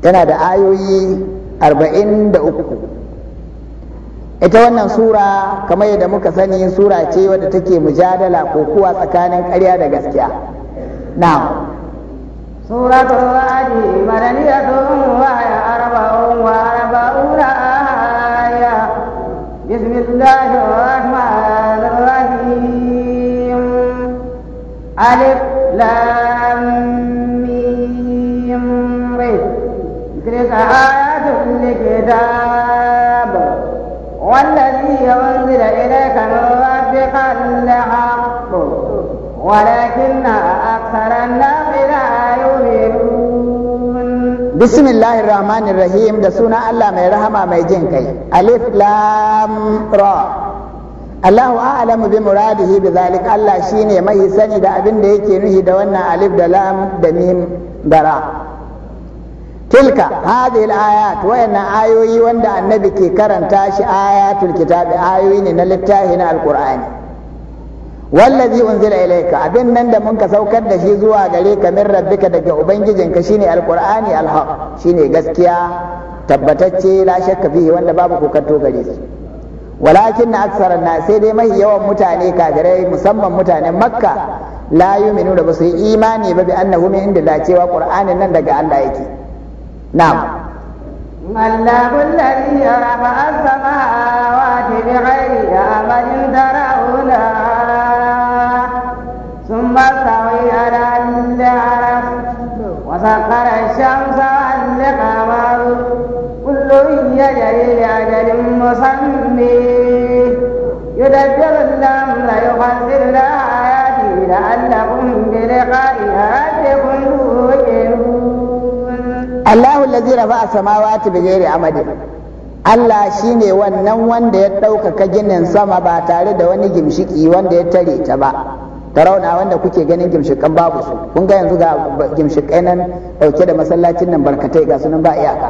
tana da ayoyi 43 ita wannan sura kamar yadda muka sani sura ce wadda take mujadala ko kuwa tsakanin ƙarya da gaskiya na suratul ra'adi madaniyatun wa ya arba'un wa arba'una aya bismillahir rahmanir rahim alif lam mim tilka ayatul kitab والذي أنزل إليك من ربك الحق ولكن أكثر الناس لا يؤمنون بسم الله الرحمن الرحيم da suna Allah mai rahama mai jin kai alif lam ra Allahu a'lamu bi muradihi bi zalik Allah shine mai sani da abin da yake nuhi da wannan alif da lam da tilka hadhihi al-ayat wayannan ayoyi wanda annabi ke karanta shi ayatul kitabi ayoyi ne na littafi na alqur'ani wallazi unzila ilayka abin nan da mun ka saukar da shi zuwa gare ka min rabbika daga ubangijinka shine alqur'ani alhaq shine gaskiya tabbatacce la shakka wanda babu kokanto gare shi walakin aksara na sai dai mai yawan mutane kafirai musamman mutanen makka la yuminu da basu yi imani ba bi annahu min inda cewa qur'anin nan daga Allah yake نعم الله الذي رفع السماوات بغير عمل ترونها ثم استوي على العرش وسخر الشمس والقمر كل يجري لأجل مسمى يدبر الأمر يفسر الآيات لعلكم بلقائها Allahu allazi rafa'a samawati bighairi amadin Allah shi ne wannan wanda ya ɗaukaka ginin sama ba tare da wani gimshiki wanda ya tare ta ba rauna wanda kuke ganin gimshikan babu su kun ga yanzu ga gimshikai nan ɗauke da masallacin nan barkatai ga sunan ba iyaka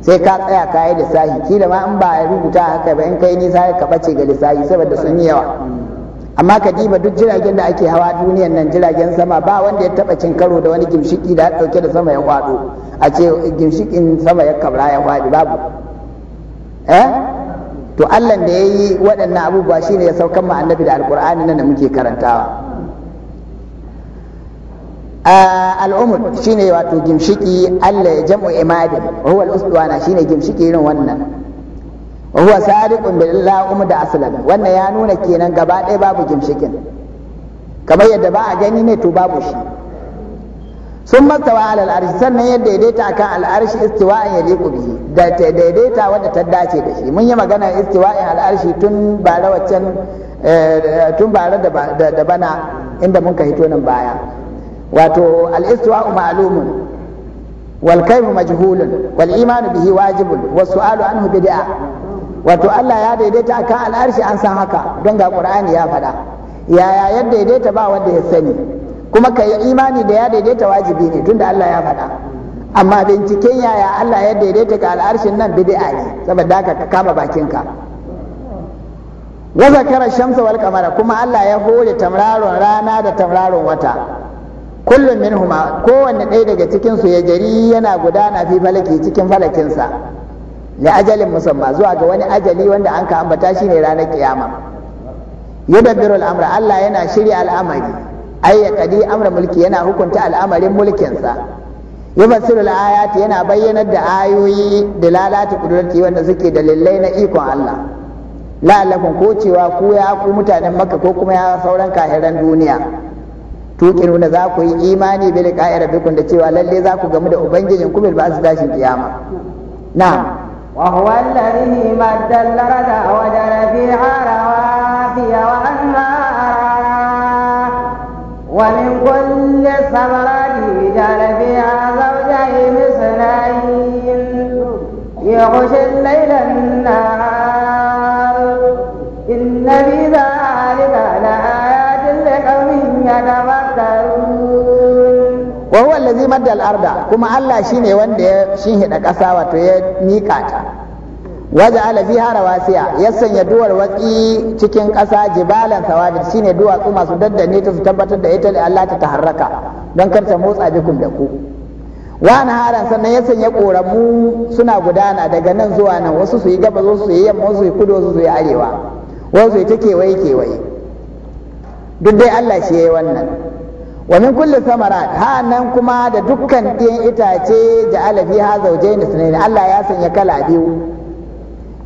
sai ka tsaya ka yi lissahi kila ma in ba rubuta haka ba in kai nisa ka ɓace ga lissahi saboda sun yi yawa amma ka diba duk jiragen da ake hawa duniyar nan jiragen sama ba wanda ya taba cin karo da wani gimshiki da ya dauke da sama ya kwado a ce ginshikin sama ya kabra ya faɗi babu eh to Allah da ya yi waɗannan abubuwa shine ya saukan ma annabi da alkur'ani nan da muke karantawa al'umur shine wato gimshiki Allah ya jam'u imadin huwa al shi shine gimshiki irin wannan huwa sadiqun billahi umu da aslan wannan ya nuna kenan gaba ɗaya babu gimshikin kamar yadda ba a gani ne to babu shi sun mastawa alal arshi sannan ya daidaita kan al arshi istiwa'an ya liku bihi da daidaita wanda ta dace da shi mun yi magana istiwa'in al arshi tun bare waccan eh, tun bare da bana inda mun ka hito nan baya wato al istiwa'u ma'lumun wal kayfu majhulun wal imanu bihi wajibun was su'alu anhu bid'a wato Allah ya daidaita kan al arshi an san haka don ga qur'ani ya faɗa yaya ya daidaita ba wanda ya sani kuma ka yi imani da ya daidaita wajibi ne tunda Allah ya faɗa amma binciken yaya Allah ya daidaita ga al'arshin nan bid'a ne saboda haka ka kama bakinka ka zakara shamsa wal kamara kuma Allah ya hore tamraron rana da tamraron wata kullum min huma kowanne ɗaya daga cikin su ya jari yana gudana fi falaki cikin falakinsa li ajalin musamma zuwa ga wani ajali wanda an ka ambata ne ranar kiyama yudabbiru amra Allah yana shirya al'amari ay ya amra mulki yana hukunta al'amarin mulkinsa yufassiru al-ayati yana bayyanar da ayoyi da lalata kudurati wanda suke dalilai na ikon Allah la'allakum ko cewa ku ya ku mutanen makka ko kuma ya sauran kahiran duniya tuqinuna za ku yi imani bil qa'ir rabbikum da cewa lalle za ku gamu da ubangijin ku bil ba'su dashin kiyama na'am وهو harawa fi wa anna ومن كل ثمرة جعل فيها زوجين اثنين يغشي الليل النهار إن في ذلك لآيات لقوم يتفكرون وهو الذي مد الأرض كما الله شيني وندي شيني دكاسا وتويه ميكاتا waje alafi hara wasiya ya sanya duwar waki cikin ƙasa jibalan sawabir shine duwatsu masu daddane ta su tabbatar da ita Allah ta taharraka don karta motsa bikum da ku wa haran sannan ya sanya ƙoramu suna gudana daga nan zuwa nan wasu su yi gaba zo su yi yamma su yi kudu su yi arewa wasu su yi ta kewaye kewaye duk dai Allah shi yayi wannan wa min kulli samarat ha nan kuma da dukkan ɗin itace da alafi zawjayn na Allah ya sanya kala biyu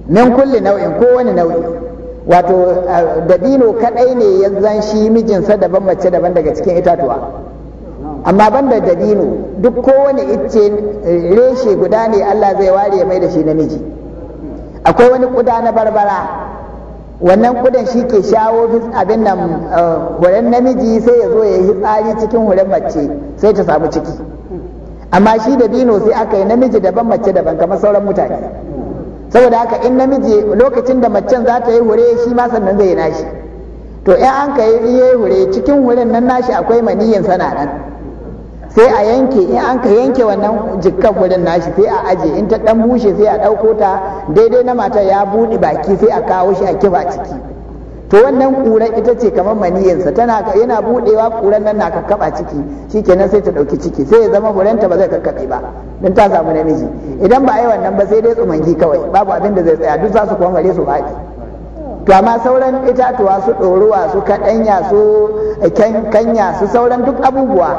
min kulli nau'in ko wani nau'i wato dabino kadai ne yanzan shi mijinsa daban mace daban daga cikin itatuwa amma banda dabino duk kowane icce reshe guda ne Allah zai ware mai da shi namiji akwai wani kuda na barbara wannan kudan shi ke shawo abin nan uh, huren namiji sai ya zo ya yi tsari cikin huren mace sai ta samu ciki amma shi dabino sai aka yi namiji daban mace daban kamar sauran mutane saboda haka in namiji lokacin da macen za ta yi hure shi ma sannan zai nashi to in an ka yi hure cikin hurin nan nashi akwai maniyin sana nan sai a yanke in an ka yanke wannan jikkan wurin nashi sai a aje in ta ɗan bushe sai a ɗauko ta daidai na matar ya buɗe baki sai a kawo shi a kifa ciki to wannan ƙurar ita ce kamar maniyinsa tana yana buɗewa ƙurar nan na kakkaba ciki shikenan sai ta ɗauki ciki sai ya zama burenta ba zai kakkabe ba don ta samu namiji idan ba a yi wannan ba sai dai tsumangi kawai babu abin da zai tsaya duk za su kuma su faɗi to amma sauran itatuwa su ɗoruwa su kaɗanya su eh, kanya su sauran duk abubuwa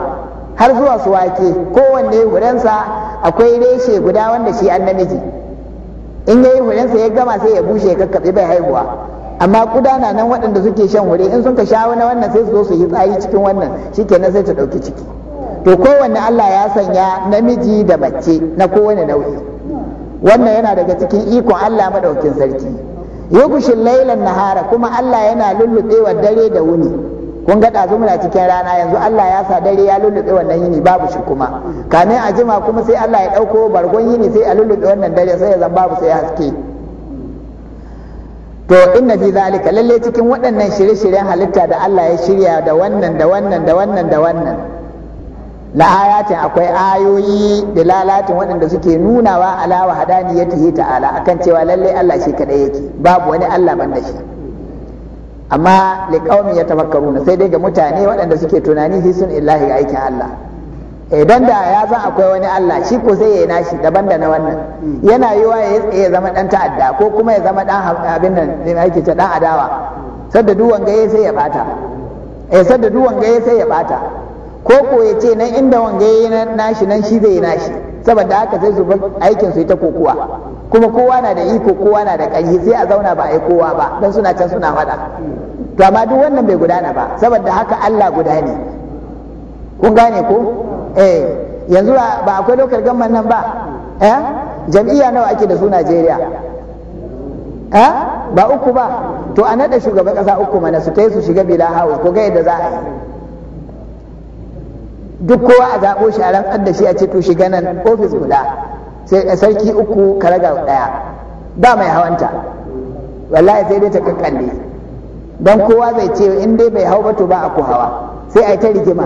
har zuwa su wake kowanne hurensa akwai reshe guda wanda shi an namiji in yayi yi hurensa ya gama sai ya bushe ya kakkabe bai haihuwa amma kudana nan waɗanda suke shan wuri in sun ka sha wani wannan sai su zo su yi tsayi cikin wannan shikenan sai ta ɗauki ciki to kowanne Allah ya sanya namiji da mace na kowane nau'i wannan yana daga cikin ikon Allah madaukin sarki yukushin lailan nahara kuma Allah yana lullubewa dare da wuni kun ga ɗazu muna cikin rana yanzu Allah ya sa dare ya lullube wannan yini babu shi kuma kamin a jima kuma sai Allah ya ɗauko bargon yini sai a lullube wannan dare sai ya zan babu sai haske to inna fi zalika lalle cikin waɗannan shirye-shiryen halitta da Allah ya shirya da wannan da wannan da wannan da wannan la ayatin akwai ayoyi da lalatin waɗanda suke nunawa ala wa hadaniyatihi ta'ala akan cewa lalle Allah shi ya yake babu wani Allah ban da shi amma liqaumi yatafakkaruna sai dai ga mutane waɗanda suke tunani hisun illahi aikin Allah idan eh, da ya zan akwai wani Allah shi ko sai ya nashi daban da na wannan yana yiwa ya tsaye ya zama dan ta'adda ko kuma ya zama dan abin nan ne ake ce dan adawa sadda duwan gaye sai ya bata eh sadda duwan gaye sai ya bata ko ko ya ce nan inda wanga yayi nashi nan shi zai nashi saboda haka sai su bar aikin su ita kokuwa kuma kowa na da iko kowa na da ƙarfi sai a zauna ba a yi kowa ba dan suna can suna fada to amma duk wannan bai gudana ba saboda haka Allah guda ne kun gane ko eh yanzu ba akwai dokar gamman nan ba eh jam'iyya nawa ake da su Najeriya eh ba uku ba to a nada shugaban kasa uku mana su kai su shiga bila hawo ko ga yadda za a yi duk kowa a zabo shi a rantsar da shi a ce to shiga nan ofis guda sai eh, sarki uku karaga daya ba mai hawanta wallahi sai dai ta kakkalle don kowa zai ce in dai bai hau ba to ba a ku hawa sai a ta rigima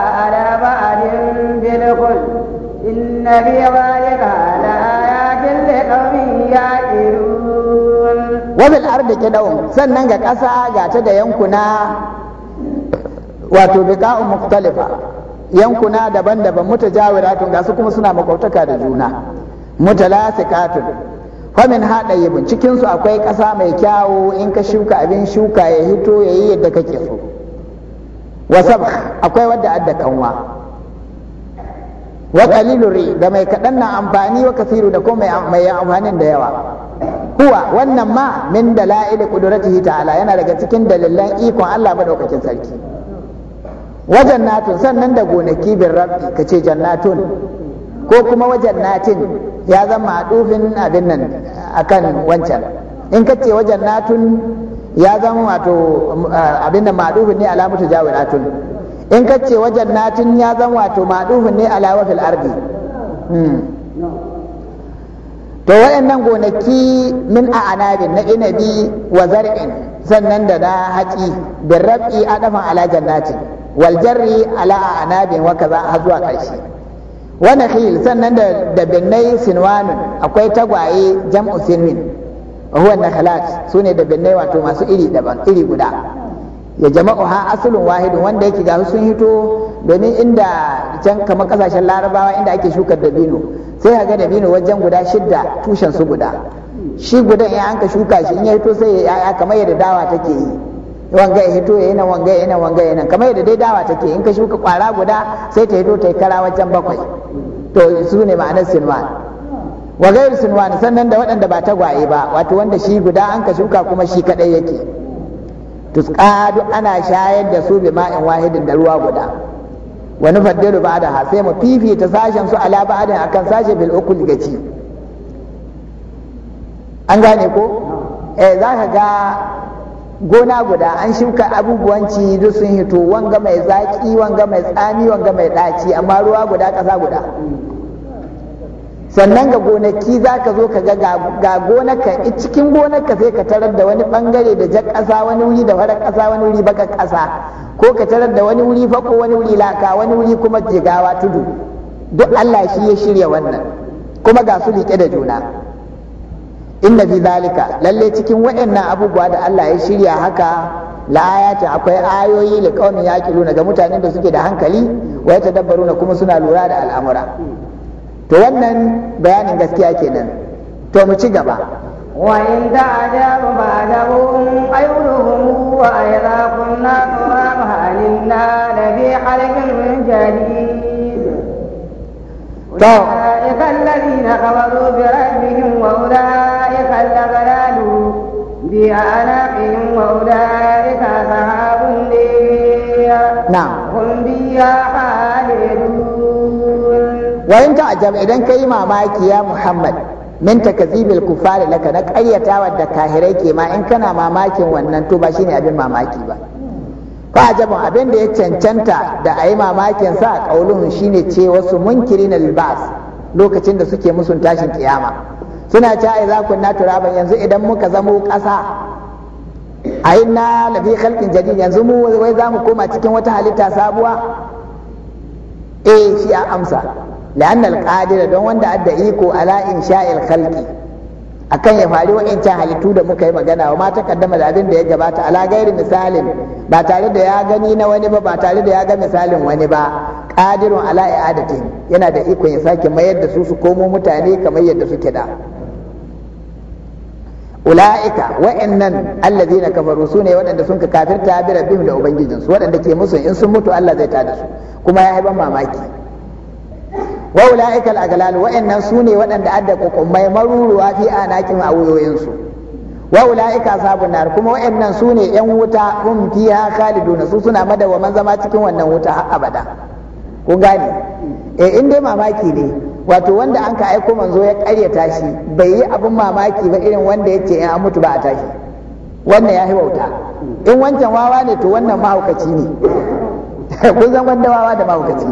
إن في ذلك لآيات لقوم sannan ga ƙasa ga ta da yankuna wato biqa'u mukhtalifa yankuna daban-daban mutajawiratun ga su kuma suna makautaka da juna mutalasiqatun famin haɗa yibin cikin akwai ƙasa mai kyawu in ka shuka abin shuka ya hito ya yi yadda kake so wasab akwai wadda adda kanwa wa qaliluri da mai kaɗan na amfani wa kafiru da kuma mai amfanin da yawa huwa wannan ma min dala'il qudratihi ta'ala yana daga cikin dalilan ikon Allah madaukakin sarki wajen natun sannan da gonaki bin rabbi kace jannatun ko kuma Wajen natin ya zama dufin abin nan akan wancan in kace Wajen Natun ya zama wato abin da ma'dufin ne alamatu Natun. in ka ce wajen natin ya zan wato maɗuhun ne alawa fil ardi hmm. to waɗannan gonaki min a anabin na inabi wa zar'in sannan da na haƙi bin rab'i adafan ala jannatin wal jarri ala a anabin wa kaza har zuwa ƙarshe Wani nakhil sannan da da binnai sinwanun akwai tagwaye jam'u sinwin huwa nakhalat sune da binnai wato masu iri daban iri guda ya jama'u ha asulun wahidun wanda yake ga sun hito domin inda can kamar kasashen larabawa inda ake shukar dabino sai ga dabino wajen guda shidda tushen su guda shi gudan ya ka shuka shi in ya hito sai ya kamar yadda dawa take yi wanga ya hito ya yana wanga ya yana wanga ya yana kamar yadda dai dawa take in ka shuka kwara guda sai ta hito ta yi kara wajen bakwai to su ne ma'anar sinwan wa gairu sinwan sannan da waɗanda ba tagwaye ba wato wanda shi guda an ka shuka kuma shi kaɗai yake Tuska duk ana shayar da su bi ma'in wahidin da ruwa guda faddalu ba da sai mu fifita sashen su ala da akan sashe bil ukul gaci an gane ko eh za ka ga gona guda an shuka abubuwan ci duk sun hito wanga mai zaki wanga mai tsami wanga mai ɗaci amma ruwa guda kasa guda sannan ga gonaki za ka zo ka ga ga gonaka cikin gonaka sai ka tarar da wani bangare da jan ƙasa wani wuri da farar ƙasa wani wuri baka ƙasa ko ka tarar da wani wuri fako wani wuri laka wani wuri kuma jigawa tudu duk Allah shi ya shirya wannan kuma ga su riƙe da juna inna bi zalika lalle cikin waɗannan abubuwa da Allah ya shirya haka la'ayati akwai ayoyi liqaumin yaqiluna ga mutanen da suke da hankali wa yatadabbaruna kuma suna lura da al'amura to wannan bayanin gaskiya kenan to mu ci gaba وإن تعجب فعجبهم قولهم وإذا كنا ترابا إنا لفي خلق جديد أولئك الذين كفروا بربهم وأولئك الأغلال في وأولئك أصحاب النير نعم هم فيها خالدون wayin ta ajab idan kayi yi mamaki ya muhammad min takazibil kufari laka na karyatawa da kahirai ke ma in kana mamakin wannan to ba shine abin mamaki ba fa abin da ya cancanta da a yi mamakin sa kaulun shine ce wasu na libas lokacin da suke musun tashin kiyama suna ce ai za kunna turaban yanzu idan muka zamo ƙasa ai na lafi khalqin jadid yanzu mu wai za mu koma cikin wata halitta sabuwa eh shi a amsa la'anna al-qadira don wanda adda iko ala insha'il khalqi akan ya fari wa'ancan halittu da muka yi magana wa ma takaddama da abin da ya gabata ala gairi misalin ba tare da ya gani na wani ba ba tare da ya ga misalin wani ba qadirun ala i'adati yana da iko ya sake mayar da su su komo mutane kamar yadda suke da ula'ika wa'annan allazina kafaru sune ne waɗanda sun ka kafirta bi rabbihim da ubangijinsu waɗanda ke musu in sun mutu Allah zai tada su kuma ya haiban mamaki wa ula'ikal aglal wa'annan sune waɗanda adda kokumai maruruwa fi anakin a wuyoyinsu wa ula'ika sabun nar kuma wa'annan sune yan wuta hum fiha khaliduna su suna madawaman zama cikin wannan wuta har abada kun gane eh in dai mamaki ne wato wanda an ka aiko manzo ya karyata shi bai yi abin mamaki ba irin wanda yake in an mutu ba a tashi wannan ya wauta in wancan wawa ne to wannan mahaukaci ne kun zan wanda wawa da mahaukaci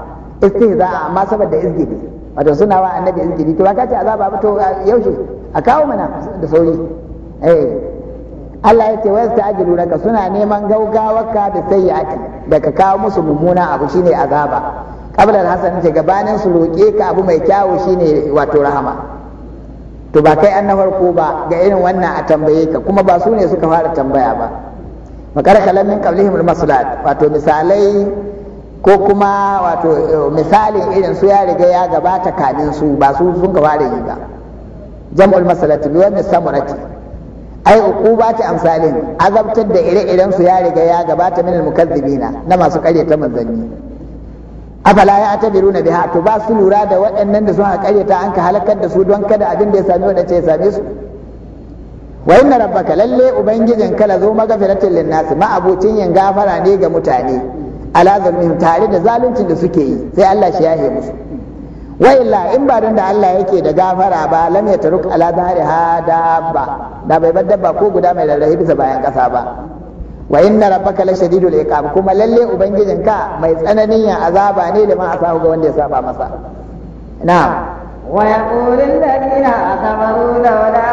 a amma saboda izgiri wato suna wa annabi izgiri to ka ce azaba ba a yaushe a kawo mana da sauri eh. Allah ya ce wa ajiru laka suna neman gaugawarka da sayyi'ati daga kawo musu mummuna abu shine azaba qabla al-hasan ce gabanin su roƙe ka abu mai kyawu shine wato rahama to ba kai an na farko ba ga irin wannan a tambaye ka kuma ba su ne suka fara tambaya ba makar kalamin qablihim al-maslat wato misalai ko kuma wato eh, misalin irin su ya riga ya gabata kamin su ba su sun ka fara yi ba jam'ul masalati bi wani samurati ai ba ta amsalin azabtar da ire-iren su ya riga ya gabata min mukazzibina na masu ta manzanni afala ya na biha to ba su lura da waɗannan da suka ta an ka halakar da su don kada abin da ya sami waɗanda ya sami su wa inna rabbaka lalle ubangijin kala zo magafiratin linnas ma abocin yin gafara ne ga mutane ala tare da zaluncin da suke yi sai Allah shi yahe musu wa illa in ba don da Allah yake da gafara ba lam ya taruk ala zahari ha dabba da bai bar dabba ko guda mai rarrahi bisa bayan kasa ba wa inna rabbaka la shadidul iqab kuma lalle ubangijinka mai tsananin ya azaba ne da ma asahu ga wanda ya saba masa na'am ويقول الذين كفروا لولا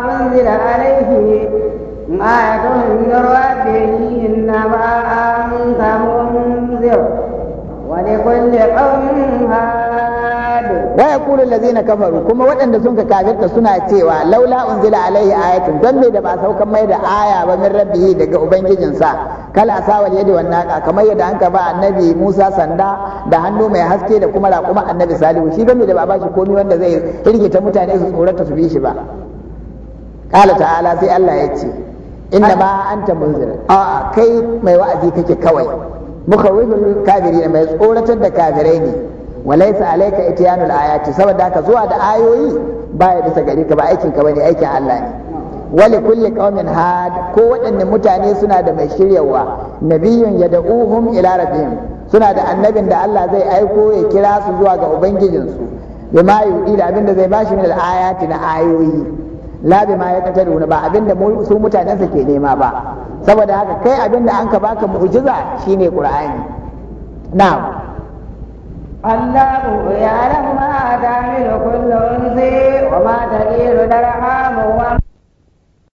unzila alayhi Wai kula da zina kafaru kuma waɗanda sun ka kafirta suna cewa laula unzila alaihi ayatu don me da ba sau kan mai da aya ba min rabbi daga ubangijinsa kala sawal yadi wannan ka kamar yadda an ka ba annabi Musa sanda da hannu mai haske da kuma da kuma annabi Salihu shi bane da ba ba shi komai wanda zai rigita mutane su tsorata su bi shi ba kala ta'ala sai Allah ya ce inna an ta munzir a kai mai wa'azi kake kawai Muka kafiri kafiri mai tsoratar da kafirai ne walaysa alayka itiyanul ayati saboda ka zuwa da ayoyi baya bisa gari ka ba aikin ka bane aikin Allah ne wali kulli qaumin had ko waɗanne mutane suna da mai shiryawa nabiyun yad'uhum ila rabbihim suna da annabin da Allah zai aiko ya kira su zuwa ga ubangijinsu bima yu'ila da abin da zai bashi min al ayati na ayoyi labi ma ya katar wani ba abinda su mutanensa ke nema ba saboda haka kai abinda an ka baka mu'jiza shine qur'ani na'am الله يعلم ما تعمل كل انثى وما تغير الارحام wa